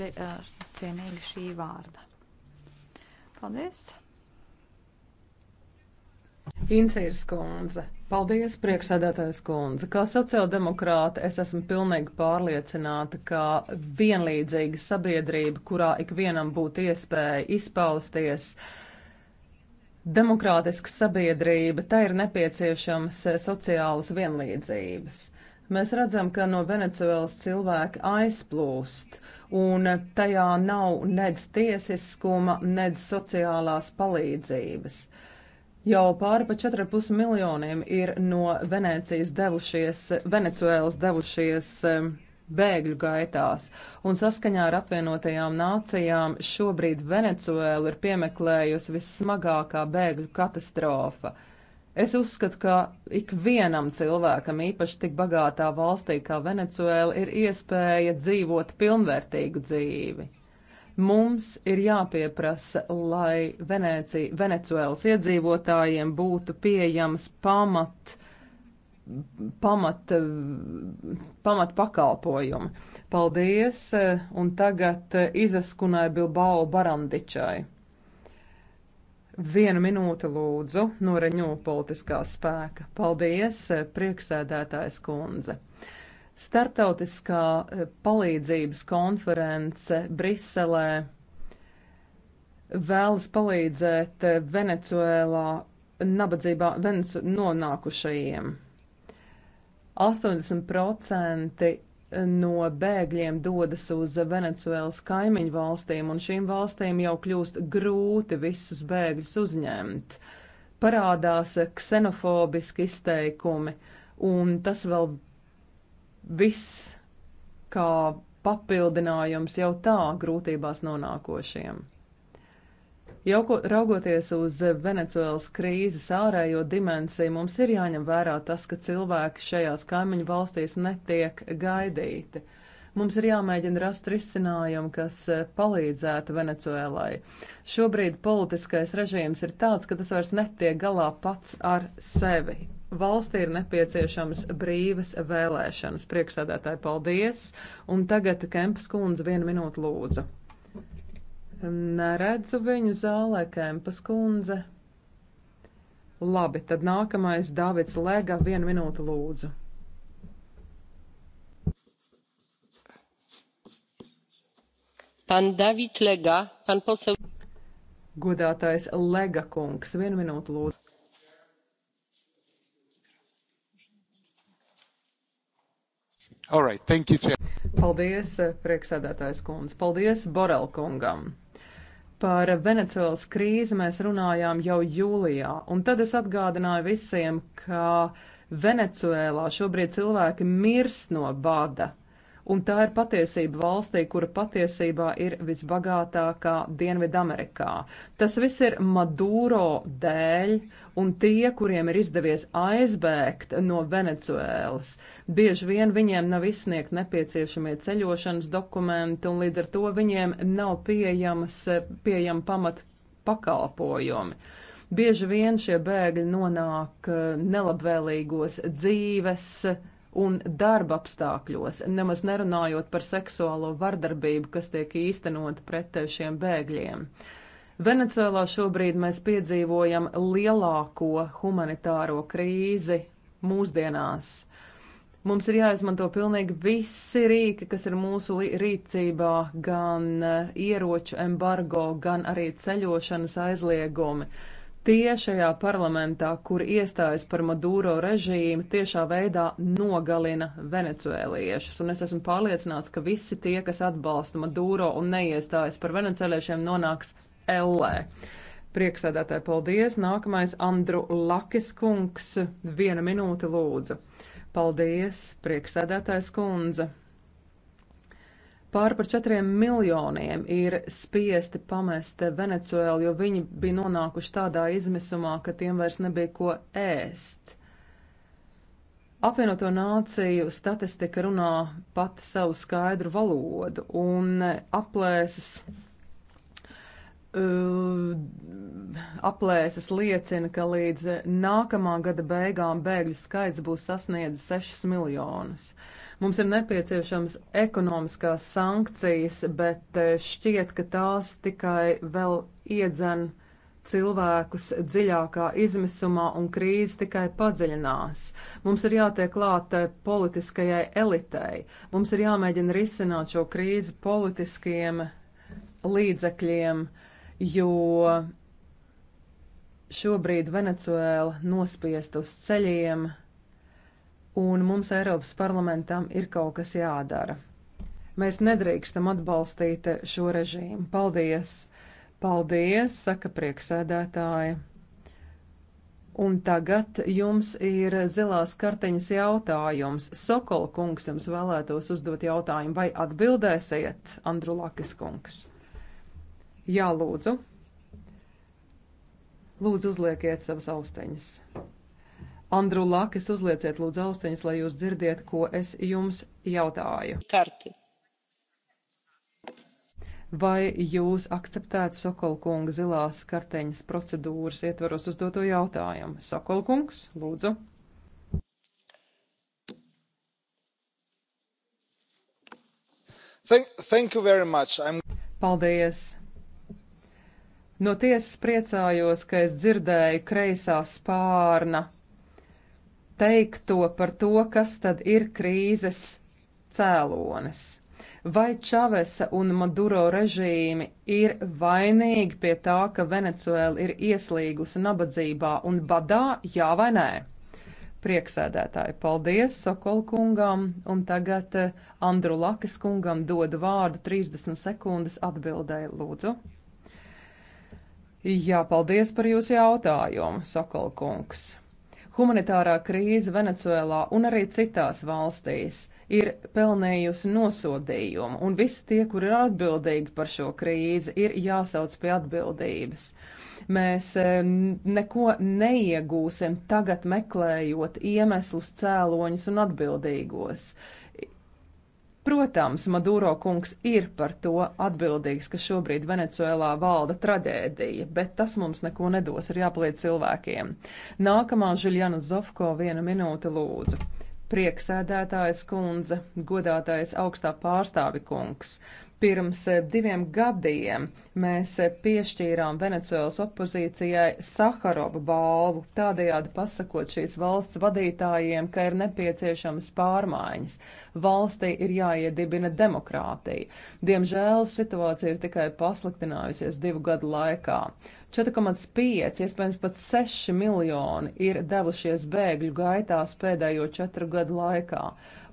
viedokļi cienīgi šī vārda. Paldies! Incīrs kundze, paldies priekšsēdētājs kundze. Kā sociāldemokrāta es esmu pilnīgi pārliecināta, ka vienlīdzīga sabiedrība, kurā ikvienam būtu iespēja izpausties, demokrātiska sabiedrība, tai ir nepieciešams sociālas vienlīdzības. Mēs redzam, ka no Venecuēlas cilvēki aizplūst un tajā nav nedz tiesiskuma, nedz sociālās palīdzības. Jau pāri pa 4,5 miljoniem ir no Venecijas devušies, Venecuēlas devušies bēgļu gaitās, un saskaņā ar apvienotajām nācijām šobrīd Venecuēla ir piemeklējusi vissmagākā bēgļu katastrofa. Es uzskatu, ka ikvienam cilvēkam, īpaši tik bagātā valstī kā Venecuēla, ir iespēja dzīvot pilnvērtīgu dzīvi. Mums ir jāpieprasa, lai Venēcija, Venecuēlas iedzīvotājiem būtu pieejams pamat, pamat, pamat pakalpojumi. Paldies, un tagad izaskunai Bilbao Barandičai. Vienu minūti lūdzu no Reņū politiskā spēka. Paldies, eh, prieksēdētājs kundze. Startautiskā eh, palīdzības konference Briselē vēlas palīdzēt eh, Venecuēlā nabadzībā Venecu nonākušajiem. 80% no bēgļiem dodas uz Venecuēlas kaimiņu valstīm, un šīm valstīm jau kļūst grūti visus bēgļus uzņemt. Parādās ksenofobiski izteikumi, un tas vēl viss kā papildinājums jau tā grūtībās nonākošiem. Jau ko, raugoties uz Venecuēlas krīzes ārējo dimensiju, mums ir jāņem vērā tas, ka cilvēki šajās kaimiņu valstīs netiek gaidīti. Mums ir jāmēģina rast risinājumu, kas palīdzētu Venecuēlai. Šobrīd politiskais režīms ir tāds, ka tas vairs netiek galā pats ar sevi. Valstī ir nepieciešamas brīvas vēlēšanas. Priekšsēdētāji, paldies! Un tagad Kempas kundze vienu minūtu lūdzu. Neredzu viņu zālē, Kempas kundze. Labi, tad nākamais Dāvids Lega, vienu minūtu lūdzu. Pan David Lega, pan posel. Godātais Lega kungs, vienu minūtu lūdzu. All right, thank you, Chair. Paldies, prieksēdētājs kundze. Paldies Borel kungam. Par Venecuēlas krīzi mēs runājām jau jūlijā, un tad es atgādināju visiem, ka Venecuēlā šobrīd cilvēki mirst no bada un tā ir patiesība valstī, kura patiesībā ir visbagātākā Dienvidamerikā. Tas viss ir Maduro dēļ, un tie, kuriem ir izdevies aizbēgt no Venecuēlas, bieži vien viņiem nav izsniegt nepieciešamie ceļošanas dokumenti, un līdz ar to viņiem nav pieejamas, pieejama pamat pakalpojumi. Bieži vien šie bēgļi nonāk eh, nelabvēlīgos dzīves, uh, un darba apstākļos, nemaz nerunājot par seksuālo vardarbību, kas tiek īstenota pret šiem bēgļiem. Venecijā šobrīd mēs piedzīvojam lielāko humanitāro krīzi mūsdienās. Mums ir jāizmanto pilnīgi visi rīki, kas ir mūsu rīcībā, gan eh, ieroču embargo, gan arī ceļošanas aizliegumi. Uh, Tie šajā parlamentā, kur iestājas par Maduro režīmu, tiešā veidā nogalina venecuēliešus. Un es esmu pārliecināts, ka visi tie, kas atbalsta Maduro un neiestājas par venecuēliešiem, nonāks ellē. Prieksēdētāji, paldies! Nākamais Andru Lakis kungs. Viena minūte lūdzu. Paldies, prieksēdētājs kundze! Pār par četriem miljoniem ir spiesti pamest Venecuēlu, jo viņi bija nonākuši tādā izmisumā, ka tiem vairs nebija ko ēst. Apvienoto nāciju statistika runā pati savu skaidru valodu un aplēses Uh, aplēses liecina, ka līdz nākamā gada beigām bēgļu skaits būs sasniedzis 6 miljonus. Mums ir nepieciešams ekonomiskās sankcijas, bet eh, šķiet, ka tās tikai vēl iedzen cilvēkus dziļākā izmisumā un krīze tikai padziļinās. Mums ir jātiek klāt eh, politiskajai elitei. Mums ir jāmēģina risināt šo krīzi politiskiem līdzekļiem, jo šobrīd Venecuēla nospiest uz ceļiem un mums Eiropas parlamentam ir kaut kas jādara. Mēs nedrīkstam atbalstīt šo režīmu. Paldies! Paldies, saka prieksēdētāja. Un tagad jums ir zilās karteņas jautājums. Sokola kungs jums vēlētos uzdot jautājumu, vai atbildēsiet, Andrulakis kungs? Jā, lūdzu. Lūdzu, uzliekiet savas austeņas. Andru Lakis, uzlieciet lūdzu austiņas, lai jūs dzirdiet, ko es jums jautāju. Karti. Vai jūs akceptētu Sokolkunga zilās karteņas procedūras ietvaros uzdoto jautājumu? Sokolkungs, lūdzu. Thank, thank you very much. I'm... Paldies. No tiesas priecājos, ka es dzirdēju kreisā spārna teikto par to, kas tad ir krīzes cēlonis. Vai Čavesa un Maduro režīmi ir vainīgi pie tā, ka Venecuēla ir ieslīgusi nabadzībā un badā, jā vai nē? prieksēdētāji. Paldies Sokolkungam un tagad eh, Andru Lakas kungam dodu vārdu 30 sekundes atbildēji lūdzu. Jā, paldies par jūsu jautājumu, Sokolkungs. Humanitārā krīze Venecuēlā un arī citās valstīs ir pelnījusi nosodījumu, un visi tie, kur ir atbildīgi par šo krīzi, ir jāsauc pie atbildības. Mēs neko neiegūsim tagad meklējot iemeslus, cēloņus un atbildīgos. Protams, Maduro kungs ir par to atbildīgs, ka šobrīd Venecuēlā valda traģēdija, bet tas mums neko nedos, ir jāpaliek cilvēkiem. Nākamā Žiljana Zofko viena minūte lūdzu. Prieksēdētājs kundze, godātais augstā pārstāvi kungs. Pirms eh, diviem gadiem mēs eh, piešķīrām Venecijas opozīcijai Sakarova balvu, tādējādi pasakot šīs valsts vadītājiem, ka ir nepieciešamas pārmaiņas. Valstī ir jāiedibina demokrātija. Diemžēl situācija ir tikai pasliktinājusies divu gadu laikā. 4,5, iespējams pat 6 miljoni ir devušies bēgļu gaitās pēdējo četru gadu laikā.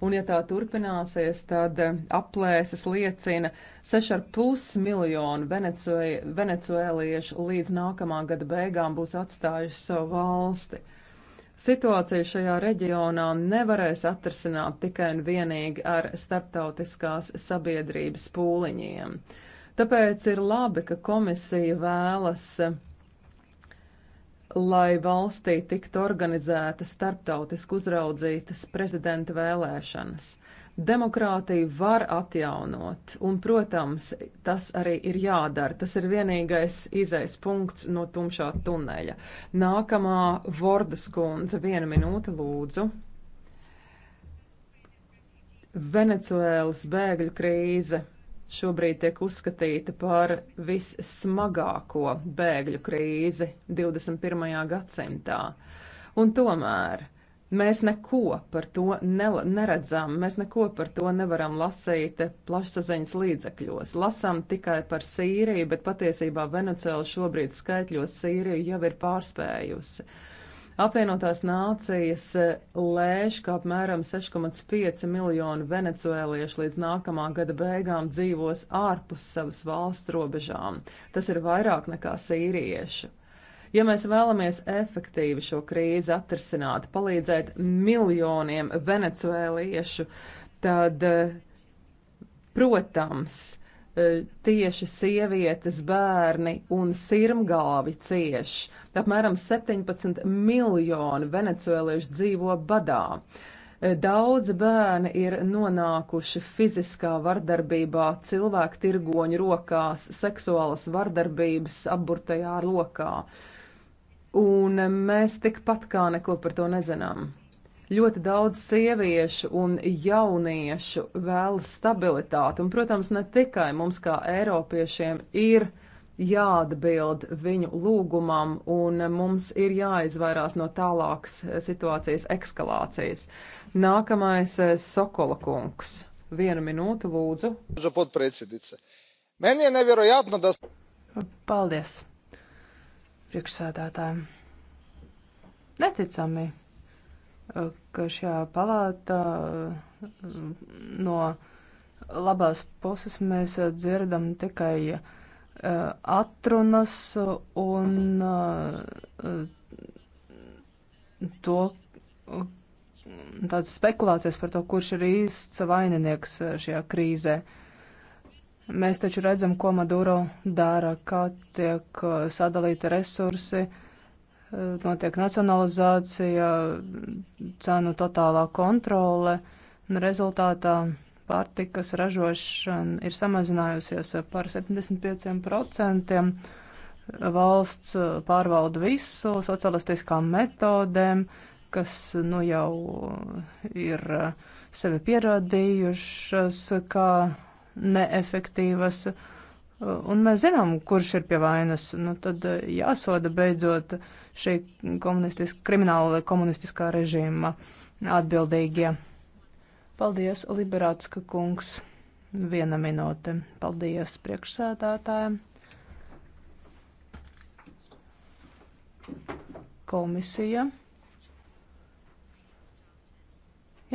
Un ja tā turpināsies, tad aplēses liecina 6,5 miljonu venecuēliešu līdz nākamā gada beigām būs atstājuši savu valsti. Situācija šajā reģionā nevarēs atrasināt tikai un vienīgi ar starptautiskās sabiedrības pūliņiem. Tāpēc ir labi, ka komisija vēlas, lai valstī tiktu organizēta starptautiski uzraudzītas prezidenta vēlēšanas. Demokrātiju var atjaunot, un, protams, tas arī ir jādara. Tas ir vienīgais izais punkts no tumšā tuneļa. Nākamā Vordas kundze, viena minūte lūdzu. Venecuēlas bēgļu krīze šobrīd tiek uzskatīta par vissmagāko bēgļu krīzi 21. gadsimtā. Un tomēr mēs neko par to neredzam, mēs neko par to nevaram lasīt plašsaziņas līdzekļos. Lasām tikai par Sīriju, bet patiesībā Venecuēla šobrīd skaitļos Sīriju jau ir pārspējusi. Apvienotās nācijas eh, lēš, ka apmēram 6,5 miljonu venecuēliešu līdz nākamā gada beigām dzīvos ārpus savas valsts robežām. Tas ir vairāk nekā sīriešu. Ja mēs vēlamies efektīvi šo krīzi atrisināt, palīdzēt miljoniem venecuēliešu, tad, eh, protams, E, tieši sievietes, bērni un sirmgāvi cieš. Apmēram 17 miljoni venecuēliešu dzīvo badā. E, daudzi bērni ir nonākuši fiziskā vardarbībā, cilvēku tirgoņu rokās, seksuālas vardarbības apburtajā lokā. Un e, mēs tikpat kā neko par to nezinām. Ļoti daudz sieviešu un jauniešu vēlas stabilitāti, un, protams, ne tikai mums kā Eiropiešiem ir jāatbild viņu lūgumam, un mums ir jāizvairās no tālākas situācijas ekskalācijas. Nākamais eh, Sokola kungs. Vienu minūti, lūdzu. Paldies, priekšsēdētājiem. Neticami, ka šajā palātā mm, no labās puses mēs dzirdam tikai eh, atrunas un eh, to tādas spekulācijas par to, kurš ir īsts vaininieks šajā krīzē. Mēs taču redzam, ko Maduro dara, kā tiek eh, sadalīti resursi, uh, notiek nacionalizācija, cenu totālā kontrole, un rezultātā pārtikas ražošana ir samazinājusies par 75%. Valsts pārvalda visu socialistiskām metodēm, kas nu jau ir sevi pierādījušas kā neefektīvas. Uh, un mēs zinām, kurš ir pie vainas, nu tad eh, jāsoda beidzot šī komunistiska, krimināla komunistiskā režīma atbildīgie. Paldies, Liberātska kungs. Viena minūte. Paldies, priekšsēdētājiem. Komisija.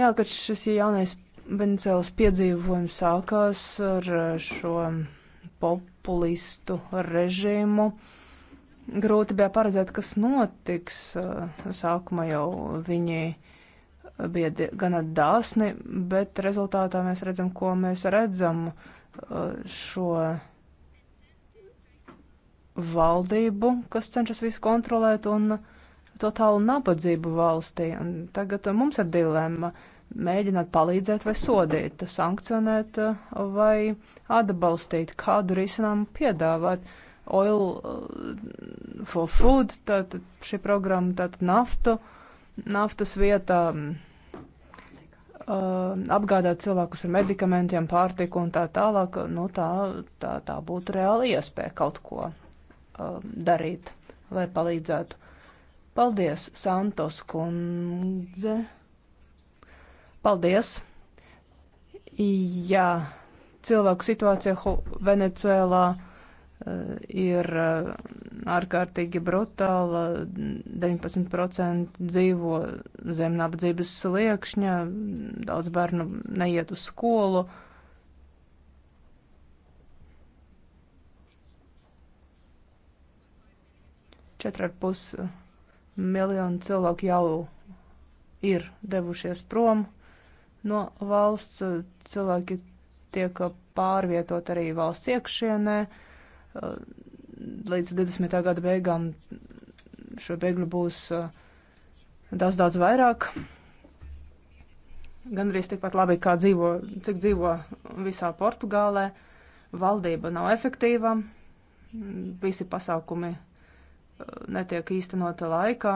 Jā, kad šis jaunais Venecēlas piedzīvojums sākās ar eh, šo populistu režīmu. Grūti bija paredzēt, kas notiks. Sākumā jau viņi bija gana dāsni, bet rezultātā mēs redzam, ko mēs redzam šo valdību, kas cenšas visu kontrolēt un totālu nabadzību valstī. Un tagad mums ir dilemma, mēģināt palīdzēt vai sodīt, sankcionēt uh, vai atbalstīt, kādu risinājumu piedāvāt. Oil uh, for food, tātad šī programma, tātad naftu, naftas vietā um, uh, apgādāt cilvēkus ar medikamentiem, pārtiku un tā tālāk, nu tā, tā, tā būtu reāla iespēja kaut ko um, darīt, lai palīdzētu. Paldies, Santos kundze! Paldies! Jā, cilvēku situācija Venecuēlā eh, ir eh, ārkārtīgi brutāla. 19% dzīvo zem nabadzības sliekšņa, daudz bērnu neiet uz skolu. Četri ar pus miljonu cilvēku jau ir devušies prom. Uh, no valsts. Eh, cilvēki tiek eh, pārvietot arī valsts iekšienē. Eh, līdz 20. gada beigām šo bēgļu būs daudz, daudz vairāk. Gan arī tikpat labi, kā dzīvo, cik dzīvo visā Portugālē. Valdība nav efektīva, visi pasākumi netiek īstenota laikā,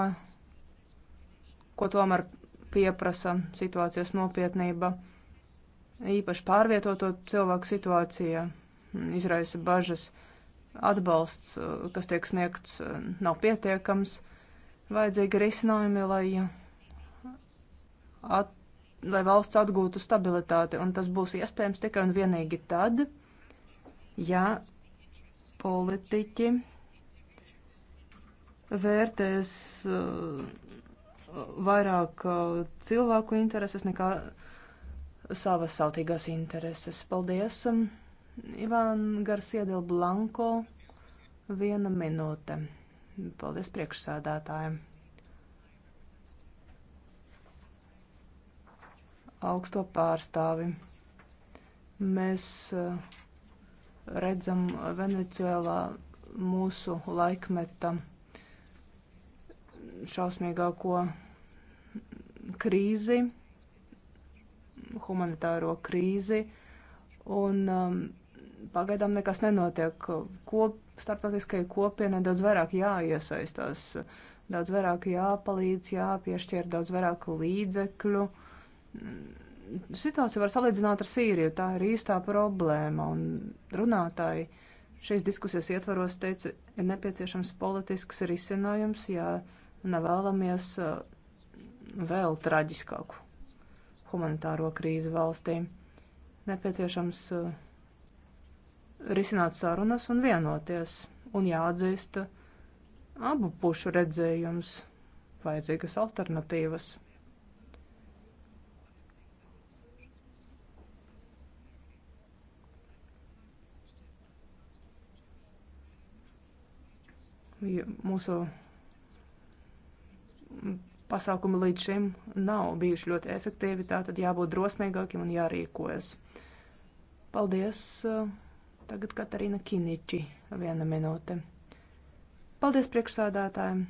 ko tomēr pieprasa situācijas nopietnība. Īpaši pārvietoto cilvēku situācija izraisa bažas. Atbalsts, eh, kas tiek sniegts, eh, nav pietiekams. Vajadzīgi risinājumi, lai, eh, at, lai valsts atgūtu stabilitāti, un tas būs iespējams tikai un vienīgi tad, ja politiķi vērtēs uh, vairāk uh, cilvēku intereses nekā savas sautīgās intereses. Paldies! Um, Ivan Garcia del Blanco, viena minūte. Paldies priekšsēdētājiem! augsto pārstāvi. Mēs uh, redzam Venecijā mūsu laikmeta šausmīgāko krīzi, humanitāro krīzi, un um, pagaidām nekas nenotiek. Kop, starptautiskajai kopienai daudz vairāk jāiesaistās, daudz vairāk jāpalīdz, jāpiešķir daudz vairāk līdzekļu. Situāciju var salīdzināt ar Sīriju, tā ir īstā problēma, un runātāji šīs diskusijas ietvaros teica, ir nepieciešams politisks risinājums, ja nevēlamies uh, vēl traģiskāku humanitāro krīzi valstīm. Nepieciešams eh, risināt sarunas un vienoties, un jāatzīst eh, abu pušu redzējums, vajadzīgas alternatīvas. mūsu pasākumi līdz šim nav bijuši ļoti efektīvi, tātad jābūt drosmīgākiem un jārīkojas. Paldies! Eh, tagad Katarina Kiniči, viena minūte. Paldies priekšsādātājiem,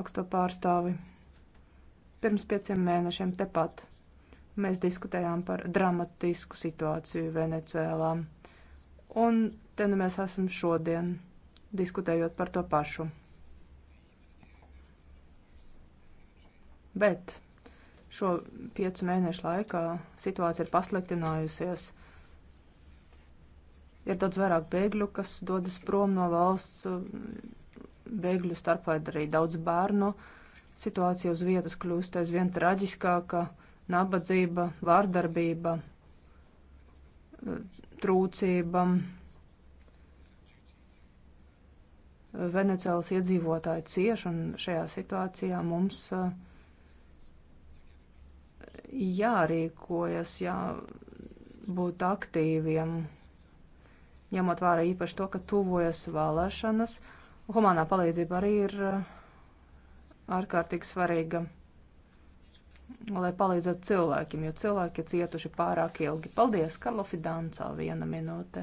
augsto pārstāvi. Pirms pieciem mēnešiem tepat mēs diskutējām par dramatisku situāciju Venecuēlā. Un te nu mēs esam šodien, diskutējot par to pašu. bet šo piecu mēnešu laikā situācija ir pasliktinājusies. Ir daudz vairāk bēgļu, kas dodas prom no valsts, bēgļu starpā ir arī daudz bērnu. Situācija uz vietas kļūst aizvien traģiskāka, nabadzība, vārdarbība, trūcība. Venecijas iedzīvotāji cieš, un šajā situācijā mums uh, jārīkojas, jābūt aktīviem, ņemot vērā īpaši to, ka tuvojas vēlēšanas. Humanā palīdzība arī ir eh, ārkārtīgi svarīga, lai palīdzētu cilvēkiem, jo cilvēki cietuši pārāk ilgi. Paldies, Karlo Fidancā, viena minūte.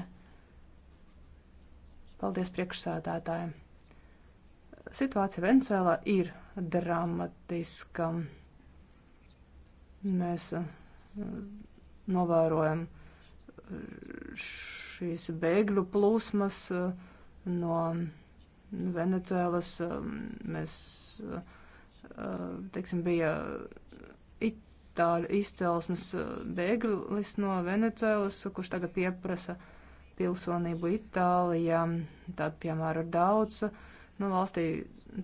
Paldies priekšsēdētājiem. Situācija Venecijā ir dramatiska. Mēs eh, novērojam eh, šīs bēgļu plūsmas eh, no Venecēlas. Mēs, teiksim, bija itāļu izcelsmes bēglis no Venecēlas, kurš tagad pieprasa pilsonību Itālijā. Tāda, piemēram, ir daudz. No valstī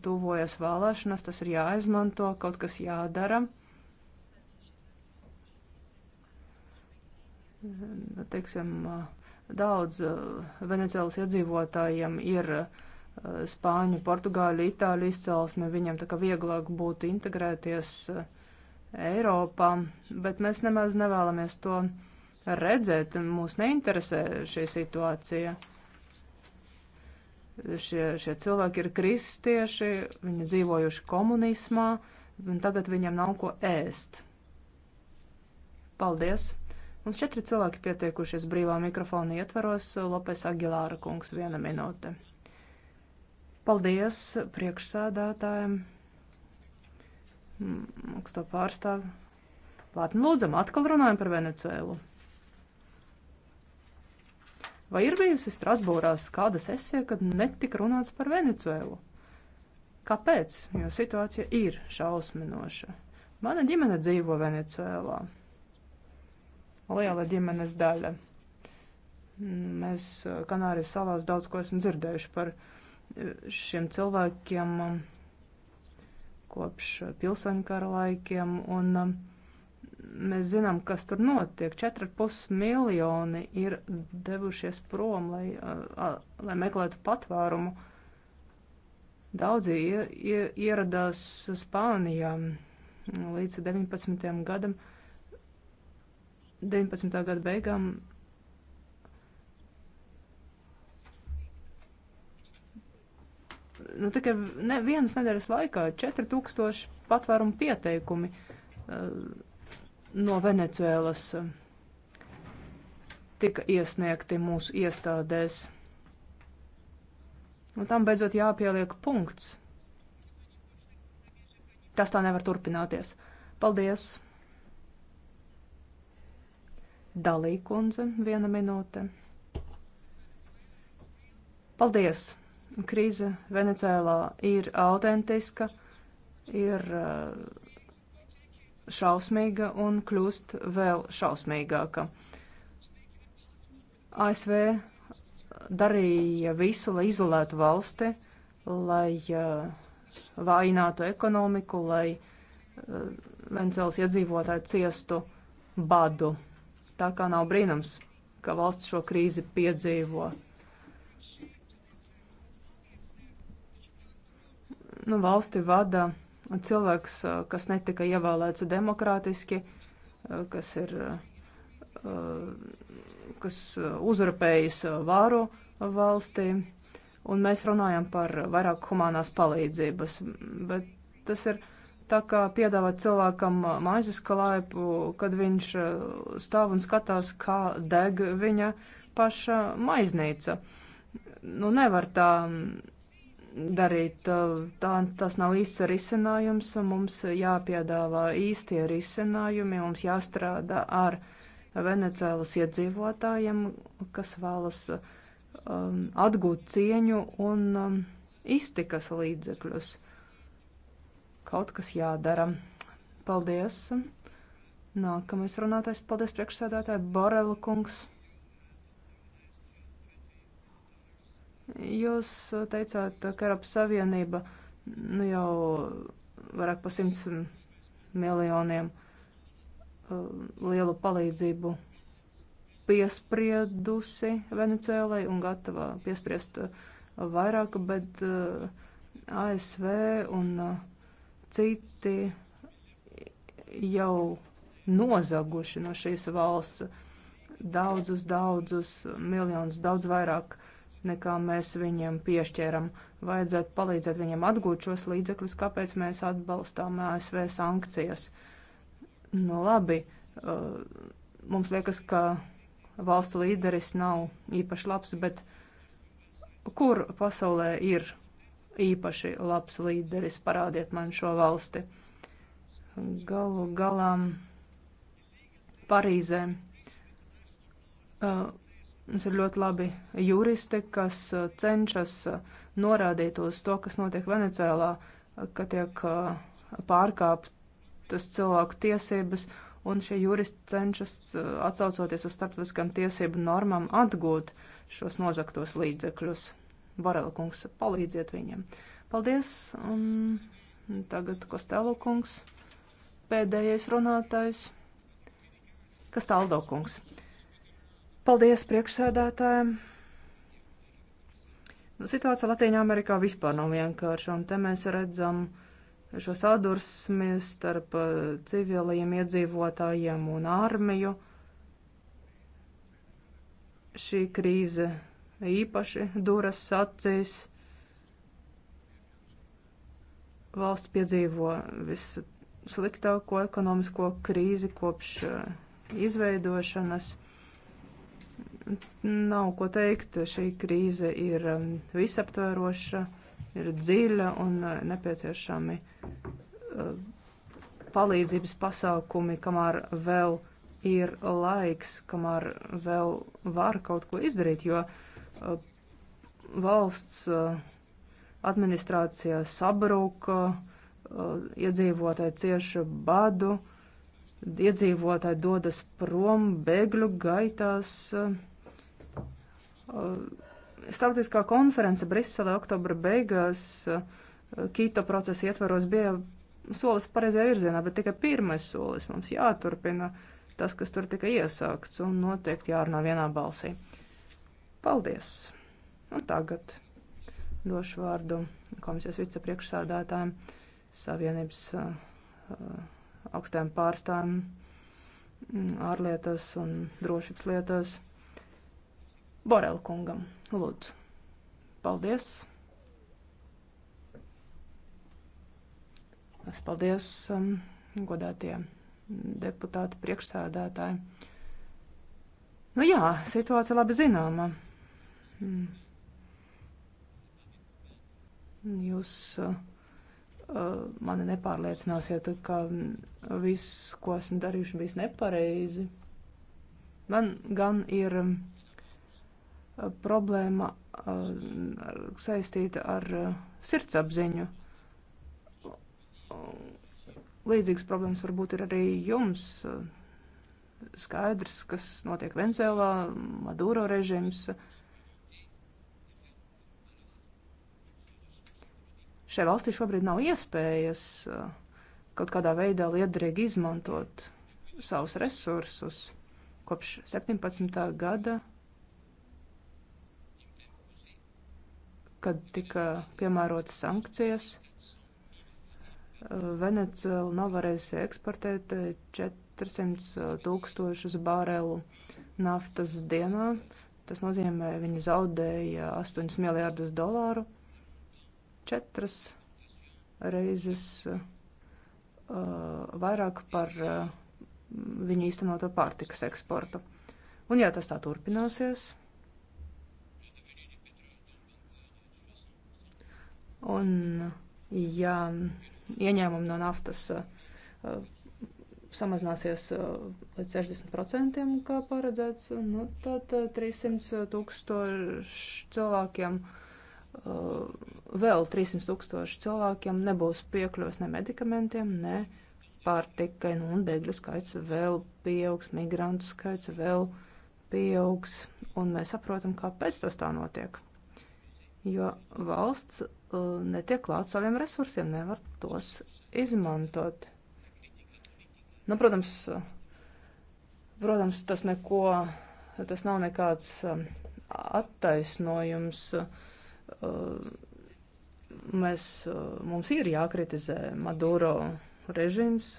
tuvojas vēlēšanas, tas ir jāizmanto, kaut kas jādara. Nu, teiksim, daudz eh, Venecijas iedzīvotājiem ir eh, spāņu, portugāļu, itāļu izcelsme, viņiem tā kā vieglāk būtu integrēties eh, Eiropā, bet mēs nemaz nevēlamies to redzēt, mūs neinteresē šī situācija. Šie, šie cilvēki ir kristieši, viņi dzīvojuši komunismā, un tagad viņiem nav ko ēst. Paldies! Mums četri cilvēki pieteikušies brīvā mikrofona ietvaros. Lopes Agilāra kungs, viena minūte. Paldies priekšsēdētājiem, mm, augsto pārstāvu. Lātni lūdzam, atkal runājam par Venecuēlu. Vai ir bijusi Strasbūrā kāda sesija, kad netika runāts par Venecuēlu? Kāpēc? Jo situācija ir šausminoša. Mana ģimene dzīvo Venecuēlā liela ģimenes daļa. Mēs eh, Kanārijas salās daudz ko esam dzirdējuši par eh, šiem cilvēkiem kopš eh, pilsoņu kara laikiem, un mēs zinām, kas tur notiek. 4,5 miljoni ir devušies prom, lai, lai meklētu patvērumu. Daudzi ieradās Spānijā līdz 19. gadam. 19. gada beigām nu, tikai ne, vienas nedēļas laikā 4000 patvērumu pieteikumi uh, no Venecuēlas uh, tika iesniegti mūsu iestādēs. Un tam beidzot jāpieliek punkts. Tas tā nevar turpināties. Paldies! Dalīkundze, viena minūte. Paldies! Krīze Venecijā ir autentiska, ir uh, šausmīga un kļūst vēl šausmīgāka. ASV darīja visu, lai izolētu valsti, lai uh, vājinātu ekonomiku, lai uh, Venecijas iedzīvotāji ciestu badu. Tā kā nav brīnums, ka valsts šo krīzi piedzīvo. Nu, valsti vada cilvēks, kas netika ievēlēts demokrātiski, kas ir, kas uzurpējis vāru valstī, un mēs runājam par vairāk humanās palīdzības, bet tas ir Tā kā piedāvāt cilvēkam uh, maiziskalapu, kad viņš uh, stāv un skatās, kā deg viņa paša maiznīca. Nu, nevar tā mm, darīt. Uh, tā, tas nav īsts risinājums. Mums jāpiedāvā īstie risinājumi, mums jāstrādā ar Venecēlas iedzīvotājiem, kas vēlas um, atgūt cieņu un um, iztikas līdzekļus kaut kas jādara. Paldies! Nākamais runātais, paldies priekšsēdētāji, Borela kungs. Jūs teicāt, ka Eiropas Savienība nu, jau vairāk par simts miljoniem uh, lielu palīdzību piespriedusi Venecijai un gatava piespriest vairāk, bet uh, ASV un uh, citi jau nozaguši no šīs valsts daudzus, daudzus miljonus, daudz vairāk nekā mēs viņiem piešķēram. Vajadzētu palīdzēt viņiem atgūt šos līdzekļus, kāpēc mēs atbalstām ASV sankcijas. Nu labi, uh, mums liekas, ka valsts līderis nav īpaši labs, bet kur pasaulē ir īpaši labs līderis, parādiet man šo valsti. Galu galā Parīzē uh, mums ir ļoti labi juristi, kas cenšas norādīt uz to, kas notiek Venecijā, ka tiek pārkāptas cilvēku tiesības, un šie juristi cenšas, atsaucoties uz starptautiskām tiesību normām, atgūt šos nozaktos līdzekļus. Varela kungs, palīdziet viņiem. Paldies, un um, tagad Kostelu kungs, pēdējais runātājs, Kastaldo kungs. Paldies priekšsēdētājiem. Nu, situācija Latvijā Amerikā vispār nav vienkārša, un te mēs redzam šo sadursmi starp uh, civiliem iedzīvotājiem un armiju. Šī krīze īpaši duras acīs. Valsts piedzīvo vissliktāko ekonomisko krīzi kopš eh, izveidošanas. Nav ko teikt, šī krīze ir um, visaptveroša, ir dziļa un uh, nepieciešami uh, palīdzības pasākumi, kamēr vēl ir laiks, kamēr vēl var kaut ko izdarīt, jo uh, Eh, valsts eh, administrācija sabruka, eh, iedzīvotāji cieši badu, iedzīvotāji dodas prom bēgļu gaitās. Starptautiskā konference Briselē oktobra beigās Kīto procesa ietvaros bija solis pareizajā virzienā, bet tikai pirmais solis mums jāturpina tas, kas tur tika iesākts, un noteikti jārunā vienā balsī. Paldies! Un tagad došu vārdu komisijas vicepriekšsādātājiem, Savienības uh, augstām pārstāvjiem, mm, ārlietas un drošības lietās. Borel kungam, lūdzu. Paldies! Es paldies um, godātie deputāti, priekšsēdētāji. Nu jā, situācija labi zināma. Mm. Jūs uh, uh, mani nepārliecināsiet, ka viss, ko esmu darījuši, bija nepareizi. Man gan ir um, problēma uh, saistīta ar uh, sirdsapziņu. Līdzīgas problēmas varbūt ir arī jums. Skaidrs, kas notiek Venezuelā, Maduro režīms. Uh, šai valstī šobrīd nav iespējas eh, kaut kādā veidā liederīgi izmantot savus resursus kopš 17. gada, kad tika piemērotas sankcijas. Eh, Venecuēla nav varējusi eksportēt 400 eh, tūkstošus barelu naftas dienā. Tas nozīmē, viņi zaudēja 8 miljārdus dolāru četras reizes uh, vairāk par uh, viņu īstenoto pārtikas eksportu. Un ja tas tā turpināsies, un ja ieņēmumi no naftas uh, samazināsies uh, līdz 60%, kā paredzēts, nu, tad uh, 300 tūkstoši cilvēkiem uh, vēl 300 tūkstoši cilvēkiem nebūs piekļuvas ne medikamentiem, ne pārtikai, nu, un bēgļu skaits vēl pieaugs, migrantu skaits vēl pieaugs, un mēs saprotam, kāpēc tas tā notiek. Jo valsts uh, netiek klāt saviem resursiem, nevar tos izmantot. Nu, protams, protams, tas neko, tas nav nekāds attaisnojums. Uh, Mēs, mums ir jākritizē Maduro režīms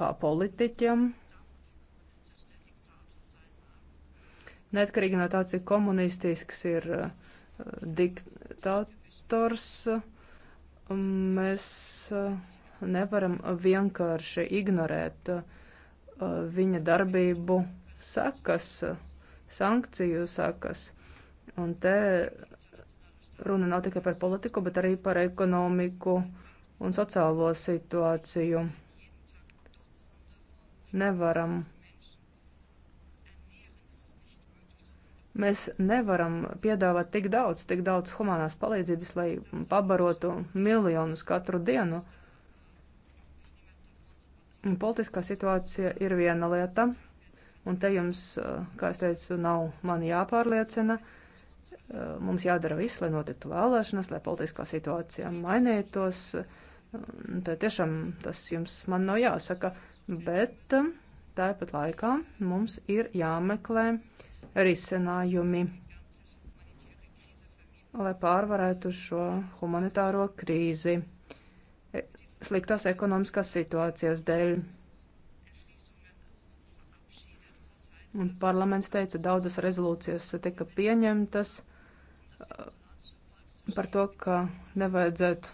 kā politiķiem. Neatkarīgi no tā, cik komunistisks ir diktators, mēs nevaram vienkārši ignorēt viņa darbību sekas, sankciju sekas. Un te runa nav tikai par politiku, bet arī par ekonomiku un sociālo situāciju. Nevaram. Mēs nevaram piedāvāt tik daudz, tik daudz humanās palīdzības, lai pabarotu miljonus katru dienu. Politiskā situācija ir viena lieta, un te jums, eh, kā es teicu, nav man jāpārliecina. Uh, Uh, mums jādara viss, lai notiktu vēlēšanas, lai politiskā situācija mainītos. Tā tiešām tas jums man nav jāsaka, bet um, tāpat laikā mums ir jāmeklē risinājumi, lai pārvarētu šo humanitāro krīzi e, sliktās ekonomiskās situācijas dēļ. Un parlaments teica, daudzas rezolūcijas tika pieņemtas par to, ka nevajadzētu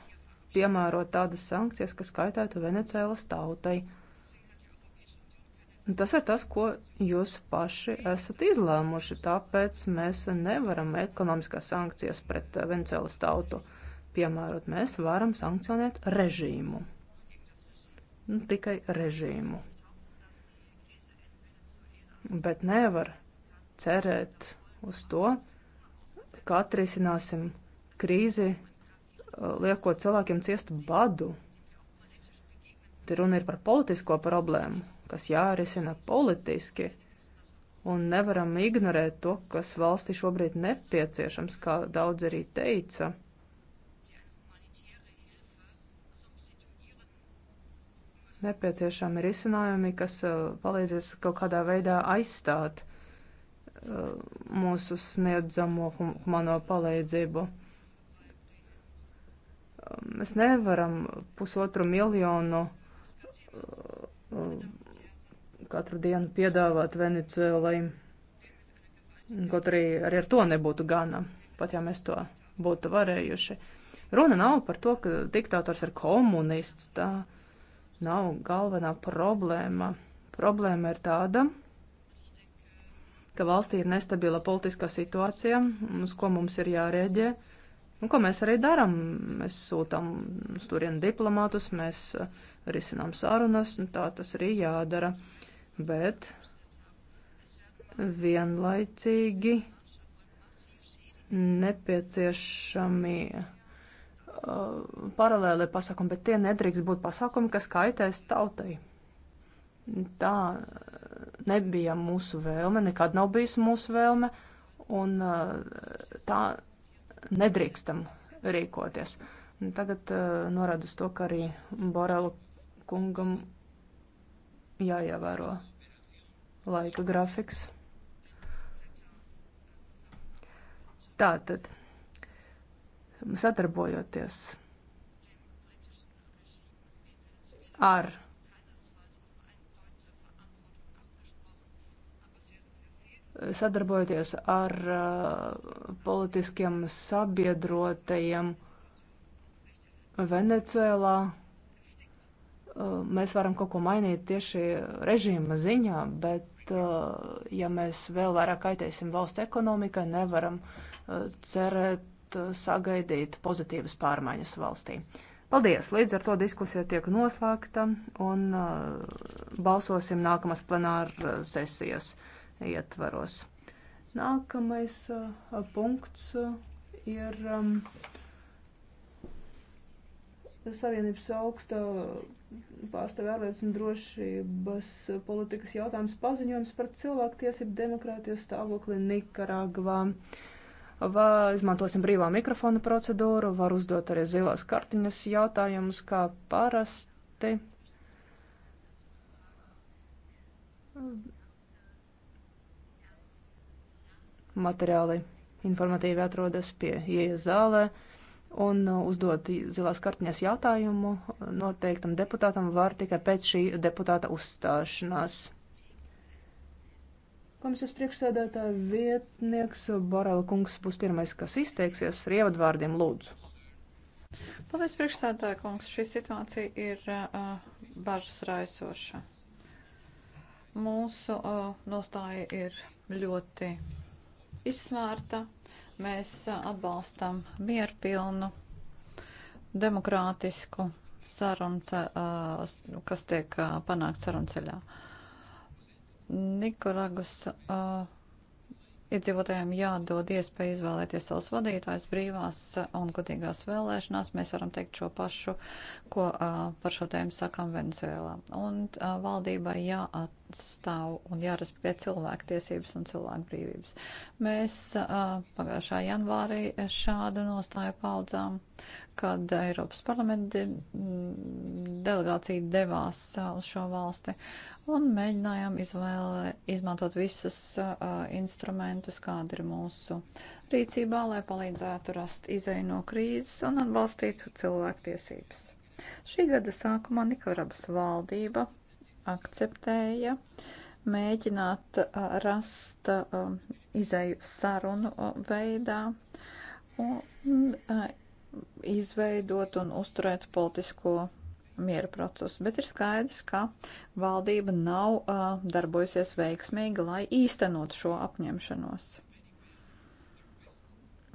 piemērot tādas sankcijas, kas kaitētu Venecēlas tautai. Tas ir tas, ko jūs paši esat izlēmuši, tāpēc mēs nevaram ekonomiskās sankcijas pret Venecēlas tautu piemērot. Mēs varam sankcionēt režīmu. Nu, tikai režīmu. Bet nevar cerēt uz to, kā atrisināsim krīzi, uh, liekot cilvēkiem ciest badu. Te runa ir par politisko problēmu, kas jārisina politiski, un nevaram ignorēt to, kas valstī šobrīd nepieciešams, kā daudz arī teica. Nepieciešami risinājumi, kas uh, palīdzēs kaut kādā veidā aizstāt Uh, mūsu sniedzamo humano palīdzību. Um, mēs nevaram pusotru miljonu uh, uh, katru dienu piedāvāt Venecuēlai, kaut arī, arī ar to nebūtu gana, pat ja mēs to būtu varējuši. Runa nav par to, ka diktators ir komunists, tā nav galvenā problēma. Problēma ir tāda, ka ka valstī ir nestabila politiskā situācija, uz ko mums ir jārēģē. Un ko mēs arī darām? Mēs sūtām uz turienu diplomātus, mēs uh, risinām sarunas, un tā tas arī jādara. Bet vienlaicīgi nepieciešami uh, paralēli pasākumi, bet tie nedrīkst būt pasākumi, kas kaitēs tautai. Tā nebija mūsu vēlme, nekad nav bijusi mūsu vēlme, un uh, tā nedrīkstam rīkoties. Tagad uh, norādu uz to, ka arī Borelu kungam jāievēro laika grafiks. Tātad, sadarbojoties ar sadarbojoties ar uh, politiskiem sabiedrotajiem Venecuēlā, uh, mēs varam kaut ko mainīt tieši režīma ziņā, bet uh, ja mēs vēl vairāk kaitēsim valsts ekonomikai, nevaram cerēt sagaidīt pozitīvas pārmaiņas valstī. Paldies! Līdz ar to diskusija tiek noslēgta un balsosim nākamas plenāra sesijas ietvaros. Nākamais uh, punkts uh, ir um, Savienības augsta pārstāvja ārlietas un drošības politikas jautājums paziņojums par cilvēktiesību demokrātijas stāvokli Nikaragvā. Va, izmantosim brīvā mikrofona procedūru, var uzdot arī zilās kartiņas jautājumus, kā parasti. materiāli informatīvi atrodas pie ieejas zālē un uh, uzdot zilās kartiņas jautājumu uh, noteiktam deputātam var tikai pēc šī deputāta uzstāšanās. Komisijas priekšsēdētāja vietnieks Borela kungs būs pirmais, kas izteiksies ar ievadvārdiem lūdzu. Paldies, priekšsēdētāja kungs. Šī situācija ir uh, bažas raisoša. Mūsu uh, nostāja ir ļoti izsvērta. Mēs atbalstam mierpilnu, demokrātisku sarunu, kas tiek panākt sarunu ceļā. Nikaragus uh, Iedzīvotājiem jādod iespēja izvēlēties savus vadītājus brīvās un godīgās vēlēšanās. Mēs varam teikt šo pašu, ko uh, par šo tēmu sakām Venezuelā. Un uh, valdībai jāat jāatstāv un jārespektē cilvēktiesības un cilvēku brīvības. Mēs pagājušā janvārī šādu nostāju paudzām, kad Eiropas parlamenta mm, delegācija devās uz šo valsti un mēģinājām izvēle, izmantot visus instrumentus, kādi ir mūsu rīcībā, lai palīdzētu rast izēju no krīzes un atbalstītu cilvēktiesības. Šī gada sākumā Nikarabas valdība akceptēja mēģināt rast izēju sarunu veidā un izveidot un uzturēt politisko miera procesu. Bet ir skaidrs, ka valdība nav darbojusies veiksmīgi, lai īstenot šo apņemšanos.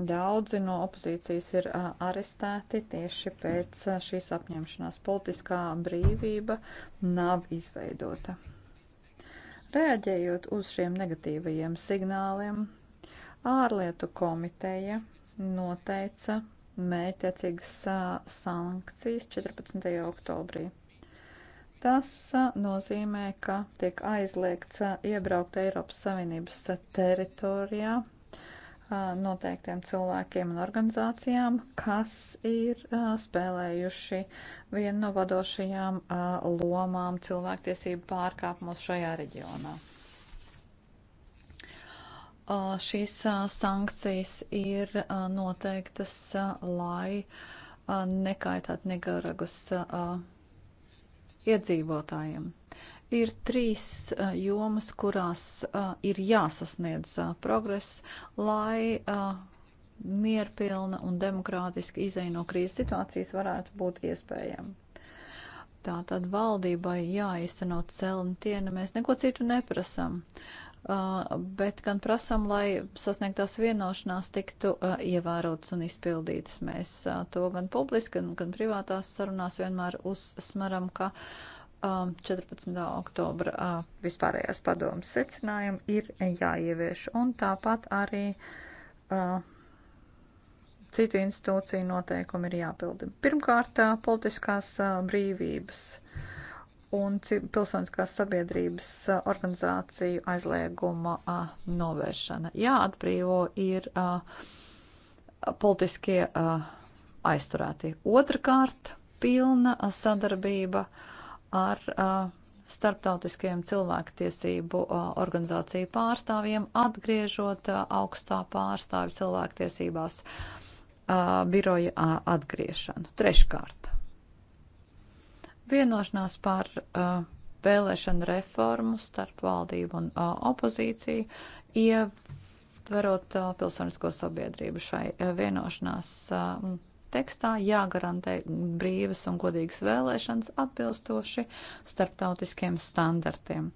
Daudzi no opozīcijas ir arestēti tieši pēc šīs apņemšanās. Politiskā brīvība nav izveidota. Reaģējot uz šiem negatīvajiem signāliem, ārlietu komiteja noteica mērķtiecīgas sankcijas 14. oktobrī. Tas nozīmē, ka tiek aizliegts iebraukt Eiropas Savienības teritorijā noteiktiem cilvēkiem un organizācijām, kas ir spēlējuši vienu no vadošajām lomām cilvēktiesību pārkāpumos šajā reģionā. Šīs sankcijas ir noteiktas, lai nekaitāt Nigaragas iedzīvotājiem. Ir trīs jomas, kurās ir jāsasniedz progress, lai mierpilna un demokrātiska izeja no krīzes situācijas varētu būt iespējama. Tātad valdībai jāizteno celtniena, mēs neko citu neprasam, bet gan prasam, lai sasniegtās vienošanās tiktu ievērotas un izpildītas. Mēs to gan publiski, gan, gan privātās sarunās vienmēr uzsmaram, ka uh, 14. Um, oktobra uh, vispārējās padomas secinājumi ir jāievieš. Un tāpat arī uh, citu institūciju noteikumi ir jāpildi. Pirmkārt, uh, politiskās brīvības un pilsoniskās sabiedrības organizāciju aizlieguma novēršana. Jāatbrīvo ir politiskie aizturētie. Otrakārt, pilna sadarbība. Uh, ar uh, starptautiskiem cilvēktiesību uh, organizāciju pārstāvjiem, atgriežot uh, augstā pārstāvi cilvēktiesībās uh, biroja uh, atgriešanu. Treškārt. Vienošanās par uh, vēlēšanu reformu starp valdību un uh, opozīciju ievērot uh, pilsonisko sabiedrību šai uh, vienošanās. Uh, tekstā jāgarantē brīvas un godīgas vēlēšanas atbilstoši starptautiskiem standartiem.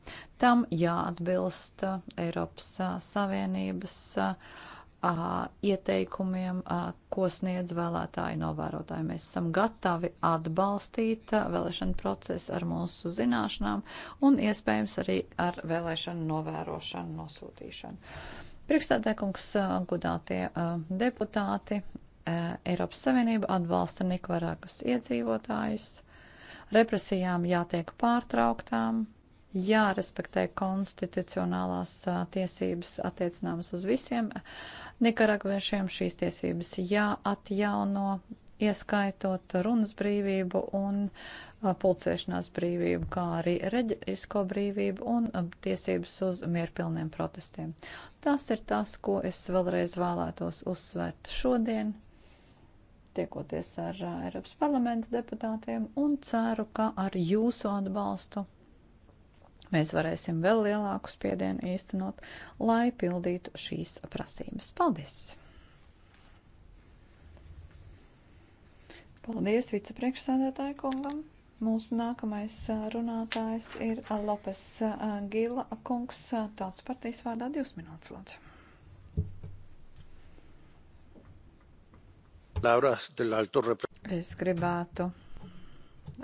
Tam jāatbilst uh, Eiropas uh, Savienības uh, ieteikumiem, ko sniedz vēlētāju novērotāji. Mēs esam gatavi atbalstīt vēlēšanu procesu ar mūsu zināšanām un iespējams arī ar vēlēšanu novērošanu nosūtīšanu. Priekšstādēkungs, godātie deputāti, Eh, Eiropas Savienība atbalsta Nikvarākas iedzīvotājus. Represijām jātiek pārtrauktām, jārespektē konstitucionālās eh, tiesības attiecināmas uz visiem eh, nikaragviešiem, šīs tiesības jāatjauno, ieskaitot runas brīvību un pulcēšanās brīvību, kā arī reģisko brīvību un tiesības uz mierpilniem protestiem. Tas ir tas, ko es vēlreiz vēlētos uzsvērt šodien tiekoties ar Eiropas parlamenta deputātiem un ceru, ka ar jūsu atbalstu mēs varēsim vēl lielāku spiedienu īstenot, lai pildītu šīs prasības. Paldies! Paldies vicepriekšsēdētāju kungam! Mūsu nākamais runātājs ir Lopes Gila kungs, tautas partijas vārdā divas minūtes lūdzu. Laura, dell'alto Es gribētu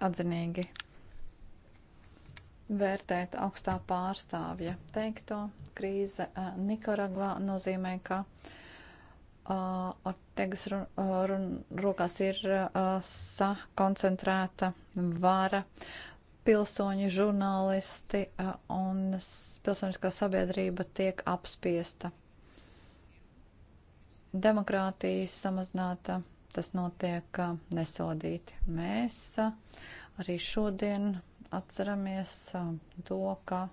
atzinīgi vērtēt augstā pārstāvja teikto. Krīze eh, Nikaragvā nozīmē, ka eh, Ortegas run, eh, run, rokās ir sakoncentrēta vara. Pilsoņi, žurnālisti un pilsoniskā sabiedrība tiek apspiesta demokrātija samazināta, tas notiek uh, nesodīti. Mēs uh, arī šodien atceramies uh, to, ka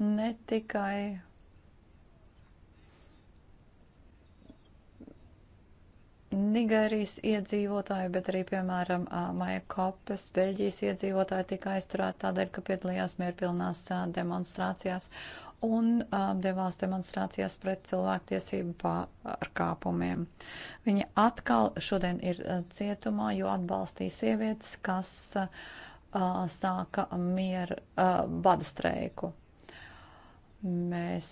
ne tikai Nigērijas iedzīvotāji, bet arī, piemēram, Maija Kopes, Beļģijas iedzīvotāji tika aizturēti tādēļ, ka piedalījās mierpilnās demonstrācijās un um, devās demonstrācijās pret cilvēktiesību pārkāpumiem. Viņa atkal šodien ir uh, cietumā, jo atbalstīja sievietes, kas uh, sāka miera uh, bada streiku. Mēs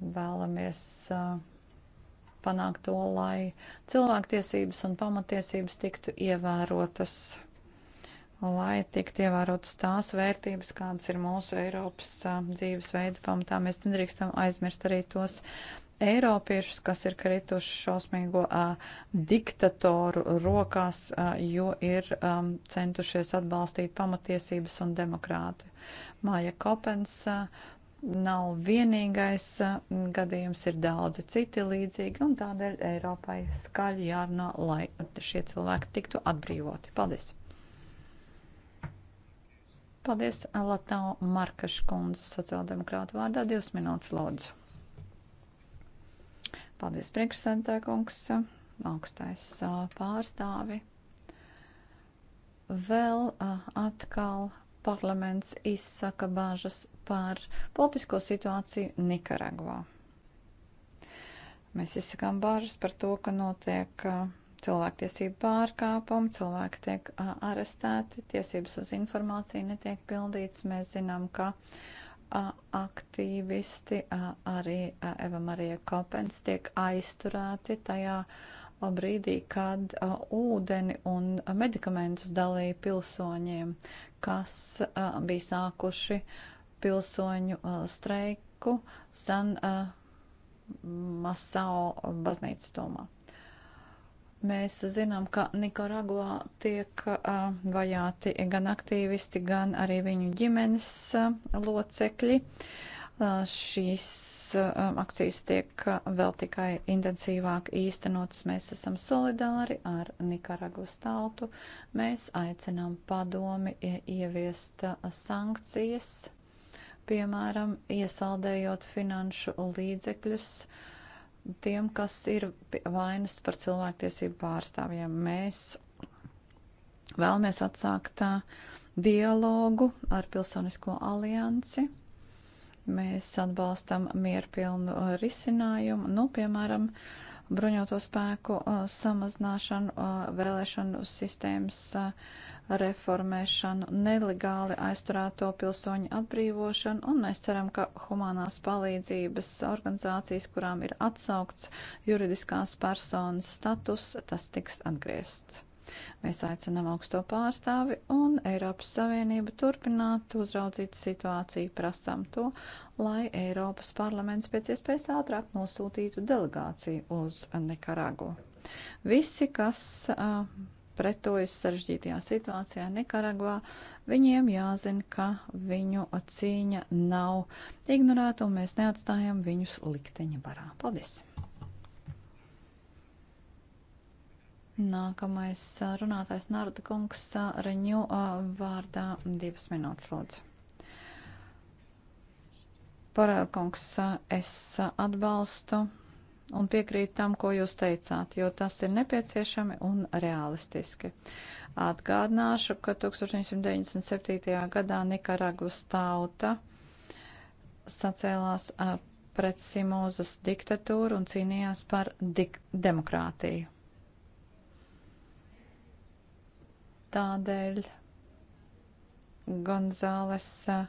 vēlamies panākt to, lai cilvēktiesības un pamatiesības tiktu ievērotas lai tiktu ievērotas tās vērtības, kādas ir mūsu Eiropas dzīvesveida pamatā. Mēs nedrīkstam aizmirst arī tos Eiropiešus, kas ir krituši šausmīgo a, diktatoru rokās, a, jo ir a, centušies atbalstīt pamatiesības un demokrātu. Māja Kopens a, nav vienīgais a, gadījums, ir daudzi citi līdzīgi, un tādēļ Eiropai skaļi jārunā, lai šie cilvēki tiktu atbrīvoti. Paldies! Paldies, Latau Markaša kundze, sociāldemokrāta vārdā, divas minūtes lūdzu. Paldies, priekšsēdētāj kungs, augstais pārstāvi. Vēl atkal parlaments izsaka bāžas par politisko situāciju Nikaragvā. Mēs izsakām bāžas par to, ka notiek cilvēktiesību pārkāpumu, cilvēki tiek arestēti, tiesības uz informāciju netiek pildītas. Mēs zinām, ka aktīvisti, arī Eva Marija Kopens tiek aizturēti tajā brīdī, kad ūdeni un medikamentus dalīja pilsoņiem, kas bija sākuši pilsoņu streiku San Masao baznīcas tomā. Mēs zinām, ka Nikaragvā tiek uh, vajāti gan aktīvisti, gan arī viņu ģimenes uh, locekļi. Uh, šīs uh, akcijas tiek uh, vēl tikai intensīvāk īstenotas. Mēs esam solidāri ar Nikaragvas tautu. Mēs aicinām padomi ieviest uh, sankcijas, piemēram, iesaldējot finanšu līdzekļus. Uh, tiem, kas ir vainas par cilvēktiesību pārstāvjiem. Mēs vēlamies atsākt dialogu ar Pilsonisko aliansi. Mēs atbalstam mierpilnu risinājumu, nu, piemēram, bruņoto spēku samazināšanu, vēlēšanu sistēmas uh, reformēšanu, nelegāli aizturēto pilsoņu atbrīvošanu, un mēs ceram, ka humanās palīdzības organizācijas, kurām ir atsaukts juridiskās personas status, tas tiks atgriezts. Mēs aicinām augsto pārstāvi un Eiropas Savienību turpināt uzraudzīt situāciju, prasām to, lai Eiropas parlaments pēc iespējas ātrāk nosūtītu delegāciju uz Nikaragu. Visi, kas uh, pretojas sarežģītajā situācijā Nikaragvā, viņiem jāzina, ka viņu cīņa nav ignorēta un mēs neatstājam viņus likteņa barā. Paldies! Nākamais runātājs Nārda kungs Reņu vārdā divas minūtes lūdzu. Parēlkungs, es atbalstu un piekrīt tam, ko jūs teicāt, jo tas ir nepieciešami un realistiski. Atgādināšu, ka 1997. gadā Nikaragvas tauta sacēlās pret Simozas diktatūru un cīnījās par dik demokrātiju. Tādēļ Gonzāles uh,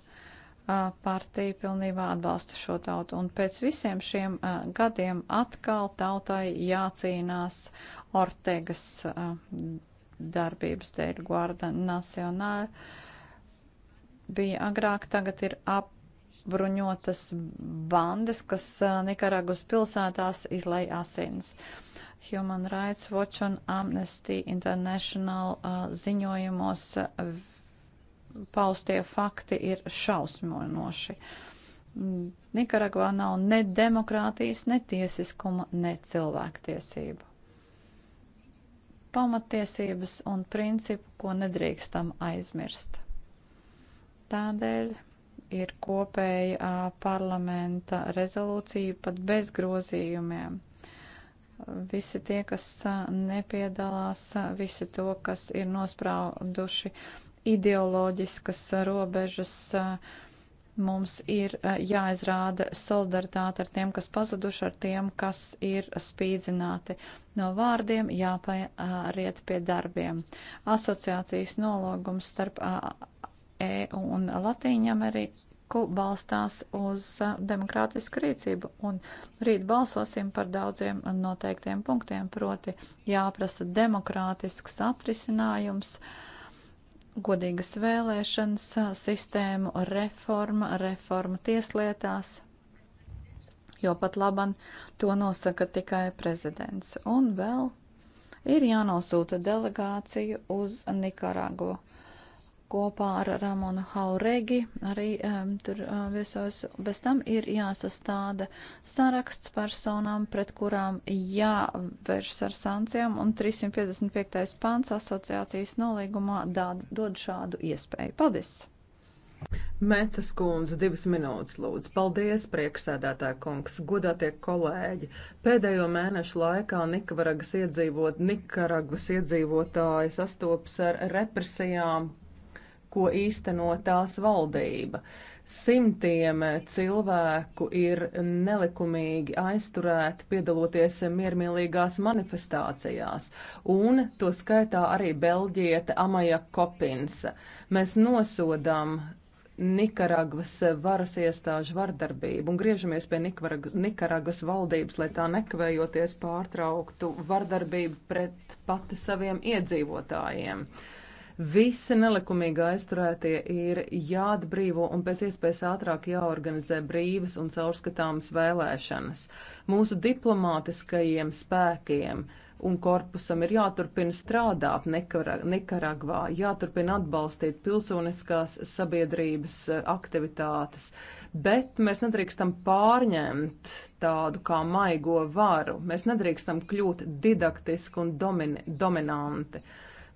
partija pilnībā atbalsta šo tautu. Un pēc visiem šiem gadiem atkal tautai jācīnās Ortegas darbības dēļ. Guarda Nacionāla bija agrāk, tagad ir ap bruņotas bandas, kas Nikaragus pilsētās izlai asins. Human Rights Watch un Amnesty International ziņojumos paustie fakti ir šausminoši. Nikaragvā nav ne demokrātijas, ne tiesiskuma, ne cilvēktiesību. Pamattiesības un principu, ko nedrīkstam aizmirst. Tādēļ ir kopēja parlamenta rezolūcija pat bez grozījumiem. Visi tie, kas nepiedalās, visi to, kas ir nosprauduši ideoloģiskas robežas. Mums ir jāizrāda solidaritāte ar tiem, kas pazuduši, ar tiem, kas ir spīdzināti. No vārdiem jāpaiet pie darbiem. Asociācijas nologums starp EU un Latīņu Ameriku politiku balstās uz demokrātisku rīcību. Un rīt balsosim par daudziem noteiktiem punktiem, proti jāprasa demokrātisks atrisinājums. Uh, godīgas vēlēšanas, sistēmu reforma, reforma tieslietās, jo pat laban to nosaka tikai prezidents. Un vēl ir jānosūta delegācija uz Nikaragu kopā ar Ramonu Hauregi arī um, tur uh, viesos. Bez tam ir jāsastāda saraksts personām, pret kurām jāvēršas ar sankcijām, un 355. pants asociācijas nolīgumā dād, dod šādu iespēju. Paldies! Mēcas kundze, divas minūtes lūdzu. Paldies, prieksēdētāja kungs, godātie kolēģi. Pēdējo mēnešu laikā Nikaragvas iedzīvot, Nikaragvas iedzīvotāji sastopas ar represijām, ko īsteno tās valdība. Simtiem cilvēku ir nelikumīgi aizturēti piedaloties miermīlīgās manifestācijās, un to skaitā arī Belģieta Amaja Kopinsa. Mēs nosodām Nikaragvas varas iestāžu vardarbību un griežamies pie Nikaragvas valdības, lai tā nekavējoties pārtrauktu vardarbību pret pati saviem iedzīvotājiem. Uh, Visi nelikumīgi aizturētie ir jāatbrīvo un pēc iespējas ātrāk jāorganizē brīvas un caurskatāmas vēlēšanas. Mūsu diplomātiskajiem spēkiem un korpusam ir jāturpina strādāt Nikaragvā, jāturpina atbalstīt pilsoniskās sabiedrības e, aktivitātes, bet mēs nedrīkstam pārņemt tādu kā maigo varu, mēs nedrīkstam kļūt didaktiski un domin dominanti.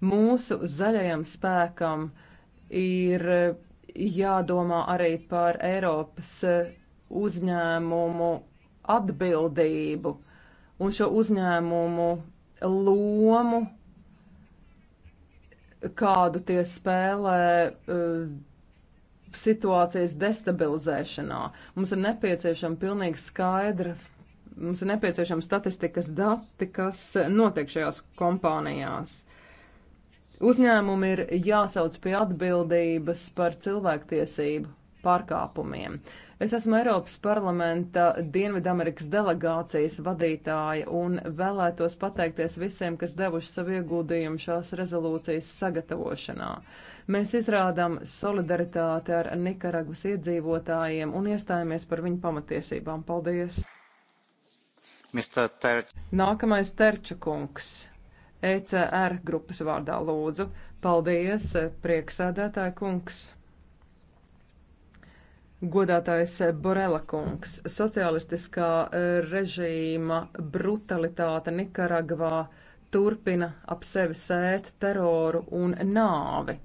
Mūsu zaļajam spēkam ir eh, jādomā arī par Eiropas eh, uzņēmumu atbildību un šo uzņēmumu lomu, kādu tie spēlē eh, situācijas destabilizēšanā. Mums ir nepieciešama pilnīgi skaidra, mums ir nepieciešama statistikas dati, kas notiek šajās kompānijās. Uzņēmumi ir jāsauc pie atbildības par cilvēktiesību pārkāpumiem. Es esmu Eiropas parlamenta Dienvidamerikas delegācijas vadītāja un vēlētos pateikties visiem, kas devuši savu ieguldījumu šās rezolūcijas sagatavošanā. Mēs izrādām solidaritāti ar Nikaragvas iedzīvotājiem un iestājamies par viņu pamatiesībām. Paldies! Ter Nākamais Terčakungs. ECR grupas vārdā lūdzu. Paldies, prieksēdētāja kungs! Godātais Borela kungs, sociālistiskā e, režīma brutalitāte Nikaragvā turpina ap sevi sēt teroru un nāvi.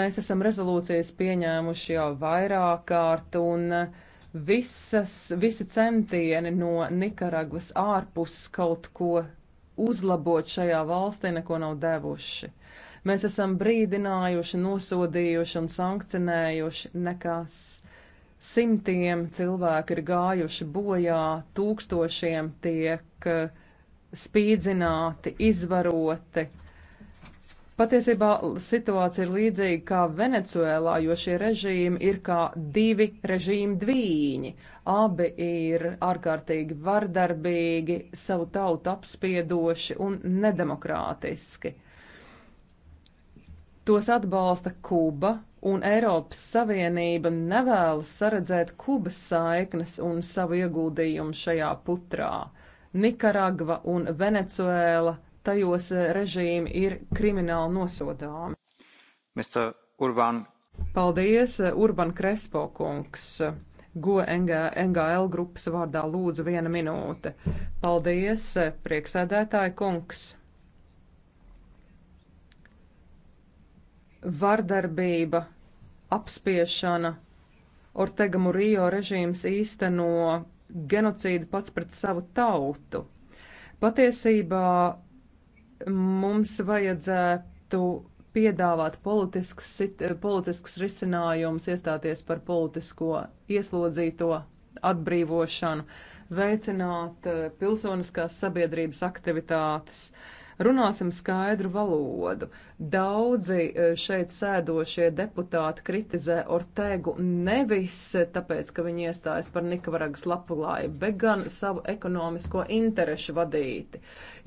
Mēs esam rezolūcijas pieņēmuši jau vairāk kārt un visas, visi centieni no Nikaragvas ārpus kaut ko uzlabot šajā valstī neko nav devuši. Mēs esam brīdinājuši, nosodījuši un sankcionējuši nekas. Simtiem cilvēku ir gājuši bojā, tūkstošiem tiek eh, spīdzināti, izvaroti Patiesībā situācija ir līdzīga kā Venecuēlā, jo šie režīmi ir kā divi režīmu dvīņi. Abi ir ārkārtīgi vardarbīgi, savu tautu apspiedoši un nedemokrātiski. Tos atbalsta Kuba, un Eiropas Savienība nevēlas saredzēt Kubas saiknes un savu ieguldījumu šajā putrā. Nikaragva un Venecuēla tajos eh, režīmi ir krimināli nosodāmi. Mr. Urban. Paldies, eh, Urban Krespo kungs. Go NGL grupas vārdā lūdzu viena minūte. Paldies, eh, prieksēdētāji kungs. Vardarbība, apspiešana, Ortega Murillo režīms īsteno genocīdu pats pret savu tautu. Patiesībā mums vajadzētu piedāvāt politiskus, politiskus risinājumus, iestāties par politisko ieslodzīto atbrīvošanu, veicināt eh, pilsoniskās sabiedrības aktivitātes. Uh, Runāsim skaidru valodu. Daudzi e, šeit sēdošie deputāti kritizē Ortegu nevis tāpēc, ka viņi iestājas par Nikavaragas lapulāju, bet gan savu ekonomisko interešu vadīti.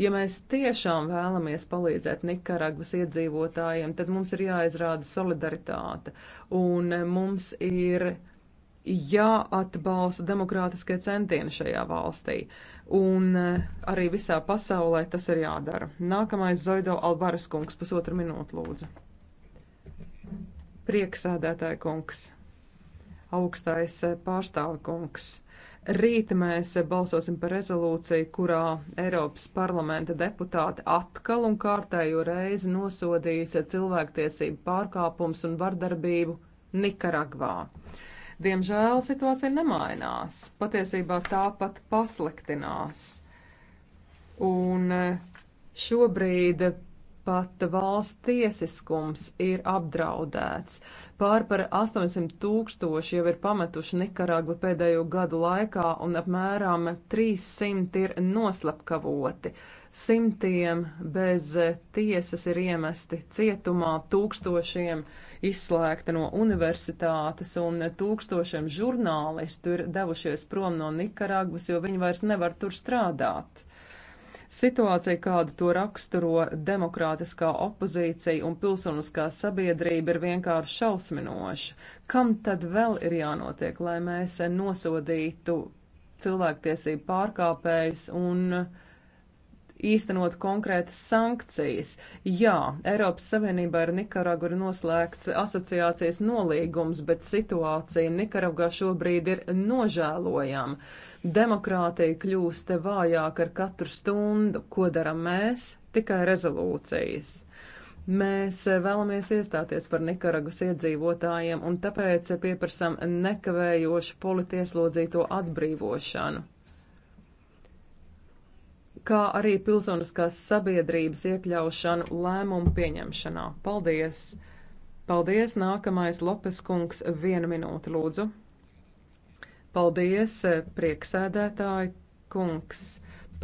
Ja mēs tiešām vēlamies palīdzēt Nikaragvas iedzīvotājiem, tad mums ir jāizrāda solidaritāte un mums ir jāatbalsta demokrātiskie centieni šajā valstī. Un eh, arī visā pasaulē tas ir jādara. Nākamais Zoido Albaras kungs, pusotru minūtu lūdzu. Prieksēdētāja kungs, augstais eh, pārstāvi kungs. Rīt mēs eh, balsosim par rezolūciju, kurā Eiropas parlamenta deputāti atkal un kārtējo reizi nosodīs cilvēktiesību pārkāpums un vardarbību Nikaragvā. Uh, Diemžēl situācija nemainās, patiesībā tā pat pasliktinās. Un eh, šobrīd pat valsts tiesiskums ir apdraudēts. Pār par 800 tūkstoši jau ir pametuši Nikaragvu pēdējo gadu laikā un apmēram 300 ir noslapkavoti. Simtiem bez tiesas ir iemesti cietumā, tūkstošiem izslēgta no universitātes un tūkstošiem žurnālistu ir devušies prom no Nikaragvas, jo viņi vairs nevar tur strādāt. Situācija, kādu to raksturo demokrātiskā opozīcija un pilsoniskā sabiedrība, ir vienkārši šausminoša. Kam tad vēl ir jānotiek, lai mēs nosodītu cilvēktiesību pārkāpējus un uh, īstenot konkrētas sankcijas. Jā, Eiropas Savienībā ar Nikaragu ir noslēgts asociācijas nolīgums, bet situācija Nikaragā šobrīd ir nožēlojama. Demokrātija kļūst vājāk ar katru stundu. Ko daram mēs? Tikai rezolūcijas. Mēs vēlamies iestāties par Nikaragas iedzīvotājiem un tāpēc pieprasam nekavējošu politieslodzīto atbrīvošanu kā arī pilsoniskās sabiedrības iekļaušanu lēmumu pieņemšanā. Paldies! Paldies! Nākamais Lopes kungs, viena minūte lūdzu. Paldies, eh, prieksēdētāji kungs!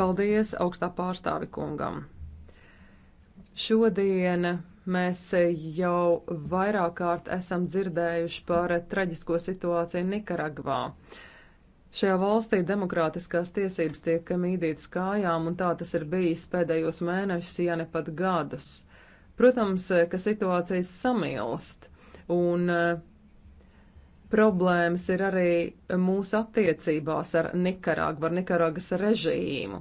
Paldies augstā pārstāvi kungam! Šodien mēs jau vairāk kārt esam dzirdējuši par traģisko situāciju Nikaragvā. Uh, Šajā valstī demokrātiskās tiesības tiek mīdītas kājām, un tā tas ir bijis pēdējos mēnešus, ja ne pat gadus. Protams, eh, ka situācijas samilst, un eh, problēmas ir arī mūsu attiecībās ar Nikaragvu, ar Nikaragas režīmu.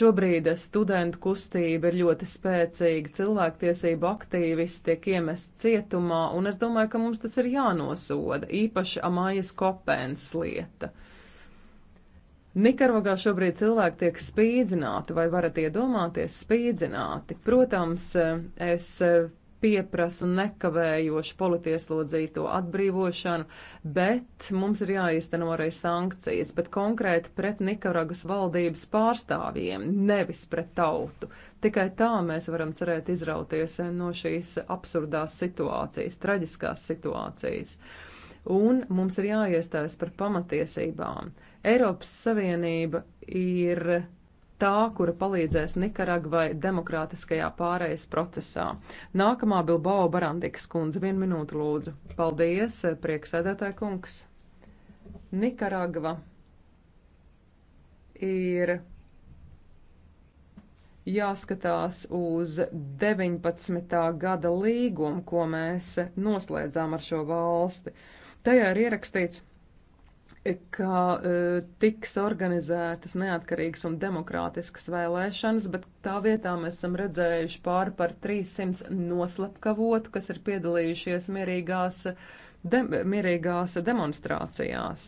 Šobrīd studentu kustība ir ļoti spēcīga, cilvēktiesību aktīvisti tiek iemest cietumā, un es domāju, ka mums tas ir jānosoda, īpaši Amājas Kopēns lieta. Uh, Nikaragvā šobrīd cilvēki tiek spīdzināti, vai varat iedomāties spīdzināti? Protams, es pieprasu nekavējošu politieslodzīto atbrīvošanu, bet mums ir jāīsteno arī sankcijas, bet konkrēti pret Nikaragas valdības pārstāvjiem, nevis pret tautu. Tikai tā mēs varam cerēt izrauties no šīs absurdās situācijas, traģiskās situācijas. Un mums ir jāiestājas par pamatiesībām. Eiropas Savienība ir tā, kura palīdzēs Nikaragvai demokrātiskajā pārejas procesā. Nākamā Bilbao Barandikas kundze, vienu minūtu lūdzu. Paldies, prieksēdētāja kungs. Nikaragva ir jāskatās uz 19. gada līgumu, ko mēs noslēdzām ar šo valsti. Tajā ir ierakstīts, ka e, tiks organizētas neatkarīgas un demokrātiskas vēlēšanas, bet tā vietā mēs esam redzējuši pāri par 300 noslapkavotu, kas ir piedalījušies mierīgās, de, mierīgās demonstrācijās.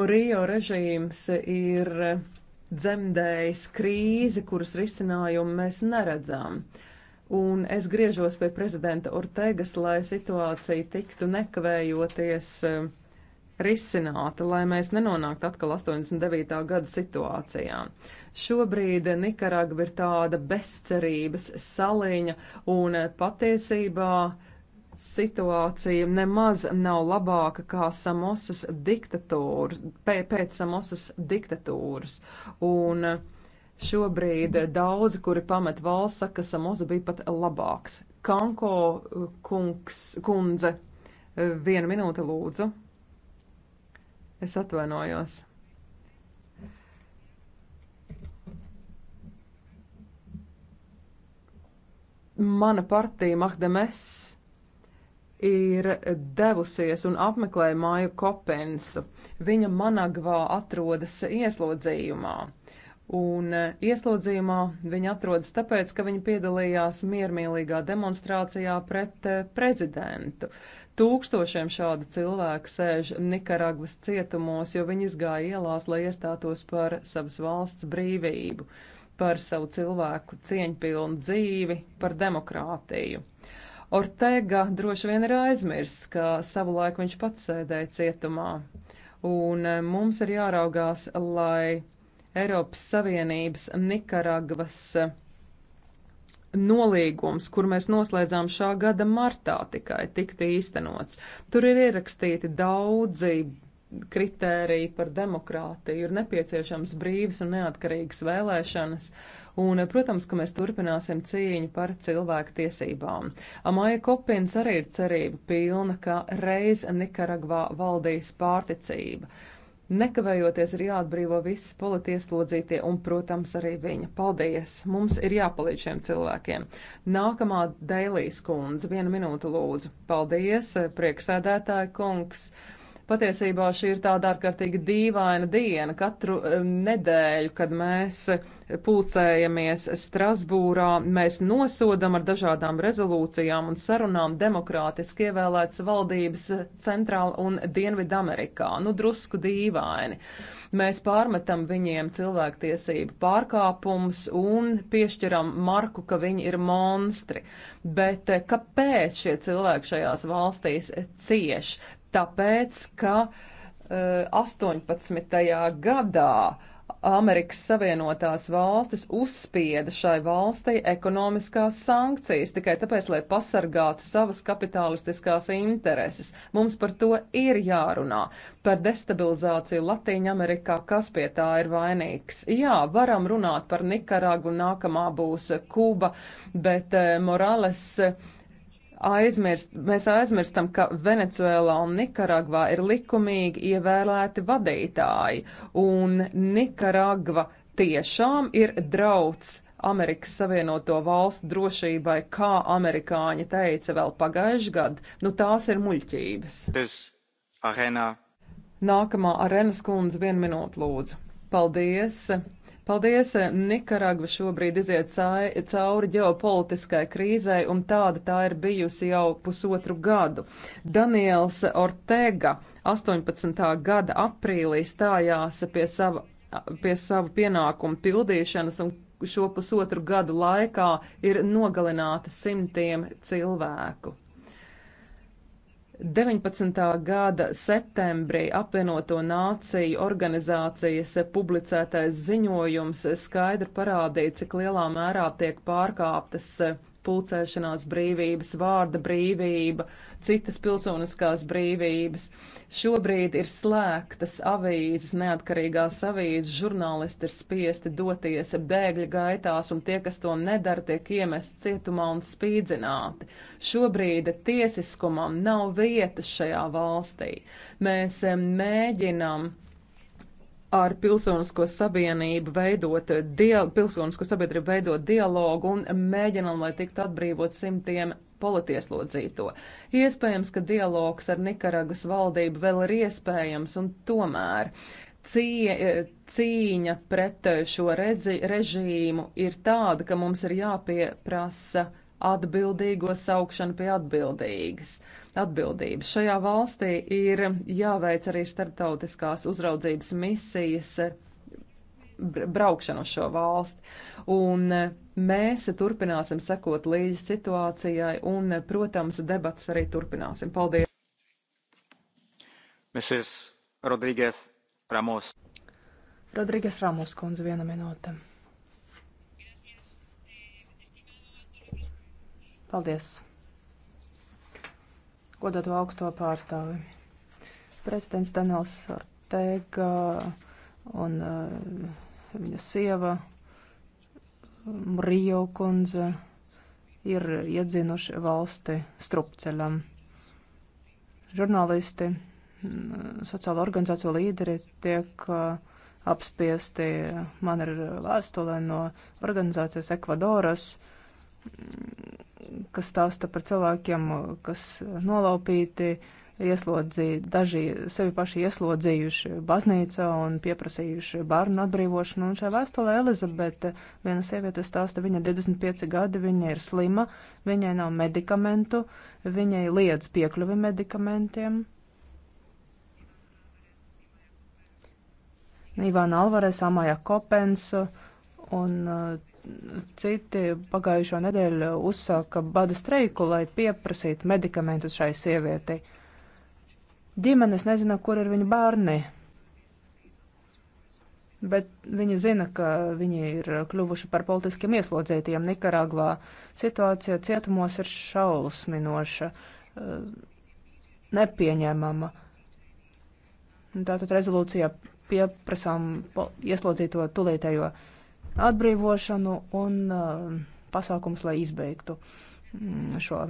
Morijo režīms ir dzemdējis krīzi, kuras risinājumu mēs neredzam. Un es griežos pie prezidenta Ortegas, lai situācija tiktu nekavējoties uh, risināta, lai mēs nenonāktu atkal 89. gada situācijā. Šobrīd Nikaragva ir tāda bezcerības saliņa un patiesībā situācija nemaz nav labāka kā Samosas diktatūra, pēc Samosas diktatūras. Un šobrīd daudzi, kuri pamet valsts, saka, ka Samosa bija pat labāks. Kanko uh, kungs, kundze, viena minūte lūdzu. Es atvainojos. Mana partija Mahdemes ir devusies un apmeklēja māju Kopensu. Viņa Managvā atrodas ieslodzījumā. Un eh, ieslodzījumā viņa atrodas tāpēc, ka viņa piedalījās miermīlīgā demonstrācijā pret eh, prezidentu. Uh, Tūkstošiem šādu cilvēku sēž Nikaragvas cietumos, jo viņi izgāja ielās, lai iestātos par savas valsts brīvību, par savu cilvēku cieņpilnu dzīvi, par demokrātiju. Ortega droši vien ir aizmirsts, ka savulaik viņš pats sēdēja cietumā, un eh, mums ir jāraugās, lai Eiropas Savienības Nikaragvas eh, nolīgums, kur mēs noslēdzām šā gada martā tikai tikt īstenots. Tur ir ierakstīti daudzi kritēriji par demokrātiju, ir nepieciešams brīvas un neatkarīgas vēlēšanas, un, protams, ka mēs turpināsim cīņu par cilvēku tiesībām. Amāja Kopins arī ir cerība pilna, ka reiz Nikaragvā valdīs pārticība, Nekavējoties ir jāatbrīvo visi politieslodzītie un, protams, arī viņa. Paldies! Mums ir jāpalīdz šiem cilvēkiem. Nākamā Dēlīs kundze, viena minūte lūdzu. Paldies, prieksēdētāja kungs! Patiesībā šī ir tāda ārkārtīgi dīvaina diena. Katru nedēļu, kad mēs pulcējamies Strasbūrā, mēs nosodam ar dažādām rezolūcijām un sarunām demokrātiski ievēlētas valdības Centrāla un Dienvidu Amerikā. Nu, drusku dīvaini. Mēs pārmetam viņiem cilvēktiesību pārkāpumus un piešķiram marku, ka viņi ir monstri. Bet eh, kāpēc šie cilvēki šajās valstīs cieš? tāpēc, ka uh, eh, 18. gadā Amerikas Savienotās valstis uzspieda šai valstī ekonomiskās sankcijas tikai tāpēc, lai pasargātu savas kapitalistiskās intereses. Mums par to ir jārunā. Par destabilizāciju Latīņa Amerikā, kas pie tā ir vainīgs. Jā, varam runāt par Nikaragu, nākamā būs Kuba, bet eh, Morales. Eh, aizmirst, mēs aizmirstam, ka Venecuēlā un Nikaragvā ir likumīgi ievēlēti vadītāji, un Nikaragva tiešām ir drauds Amerikas Savienoto Valstu drošībai, kā amerikāņi teica vēl pagājuši gadu, nu tās ir muļķības. Arēnā. Nākamā arēnas kundze, vienu minūtu lūdzu. Paldies! Paldies! Nikaragva šobrīd iziet cauri ģeopolitiskai krīzai, un tāda tā ir bijusi jau pusotru gadu. Daniels Ortega 18. gada aprīlī stājās pie sava, pie sava pienākuma pildīšanas, un šo pusotru gadu laikā ir nogalināti simtiem cilvēku. 19. gada septembrī apvienoto nāciju organizācijas publicētais ziņojums skaidri parādīja, cik lielā mērā tiek pārkāptas pulcēšanās brīvības, vārda brīvība, citas pilsoniskās brīvības. Šobrīd ir slēgtas avīzes, neatkarīgās avīzes, žurnālisti ir spiesti doties bēgļu gaitās, un tie, kas to nedara, tiek iemest cietumā un spīdzināti. Šobrīd tiesiskumam nav vietas šajā valstī. Mēs mēģinam ar pilsonisko sabiedrību veidot, dia, pilsonisko sabiedrību veidot dialogu un mēģinam, lai tiktu atbrīvot simtiem politieslodzīto. Iespējams, ka dialogs ar Nikaragas valdību vēl ir iespējams un tomēr cīņa pret šo rezi, režīmu ir tāda, ka mums ir jāpieprasa atbildīgo saukšanu pie atbildīgas atbildības. Šajā valstī ir jāveic arī starptautiskās uzraudzības misijas braukšanu uz šo valsti. Un mēs turpināsim sekot līdzi situācijai un, protams, debats arī turpināsim. Paldies! Mrs. Rodrīgas Ramos. Rodrīgas Ramos kundze viena minūte. Paldies! godāto augsto pārstāvi. Prezidents Daniels Ortega un uh, viņa sieva um, Rio kundze ir iedzinuši valsti strupceļam. Žurnālisti, mm, sociāla organizāciju līderi tiek uh, apspiesti. Man ir vēstule no organizācijas Ekvadoras. Uh, kas stāsta par cilvēkiem, kas nolaupīti, ieslodzīti, daži sevi paši ieslodzījuši baznīcā un pieprasījuši bērnu atbrīvošanu. Un šajā vēstulē Elizabete, viena sieviete stāsta, viņa 25 gadi, viņa ir slima, viņai nav medikamentu, viņai liedz piekļuvi medikamentiem. Ivāna Alvarez, Amāja Kopens un uh, citi pagājušo nedēļu uzsāka bada streiku, lai pieprasītu medikamentus šai sievietei. Ģimenes nezina, kur ir viņa bērni, bet viņi zina, ka viņi ir kļuvuši par politiskiem ieslodzītiem Nikaragvā. Situācija cietumos ir šausminoša, nepieņēmama. Tātad rezolūcijā pieprasām ieslodzīto tulītējo atbrīvošanu un eh, pasākums, lai izbeigtu mm, šo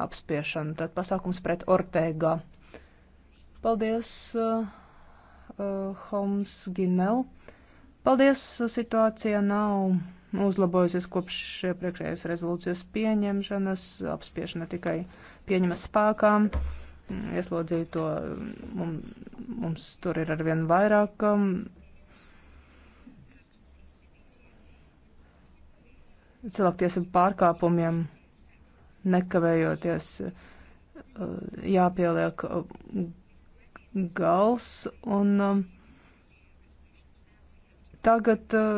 apspiešanu. Tad pasākums pret Ortega. Paldies, eh, eh, Homs Ginel. Paldies, situācija nav uzlabojusies kopš iepriekšējās rezolūcijas pieņemšanas, apspiešana tikai pieņema spēkā. Ieslodzīto mm, mums, mums tur ir arvien vairāk, mm, cilvēktiesību pārkāpumiem nekavējoties eh, jāpieliek eh, gals. Un eh, tagad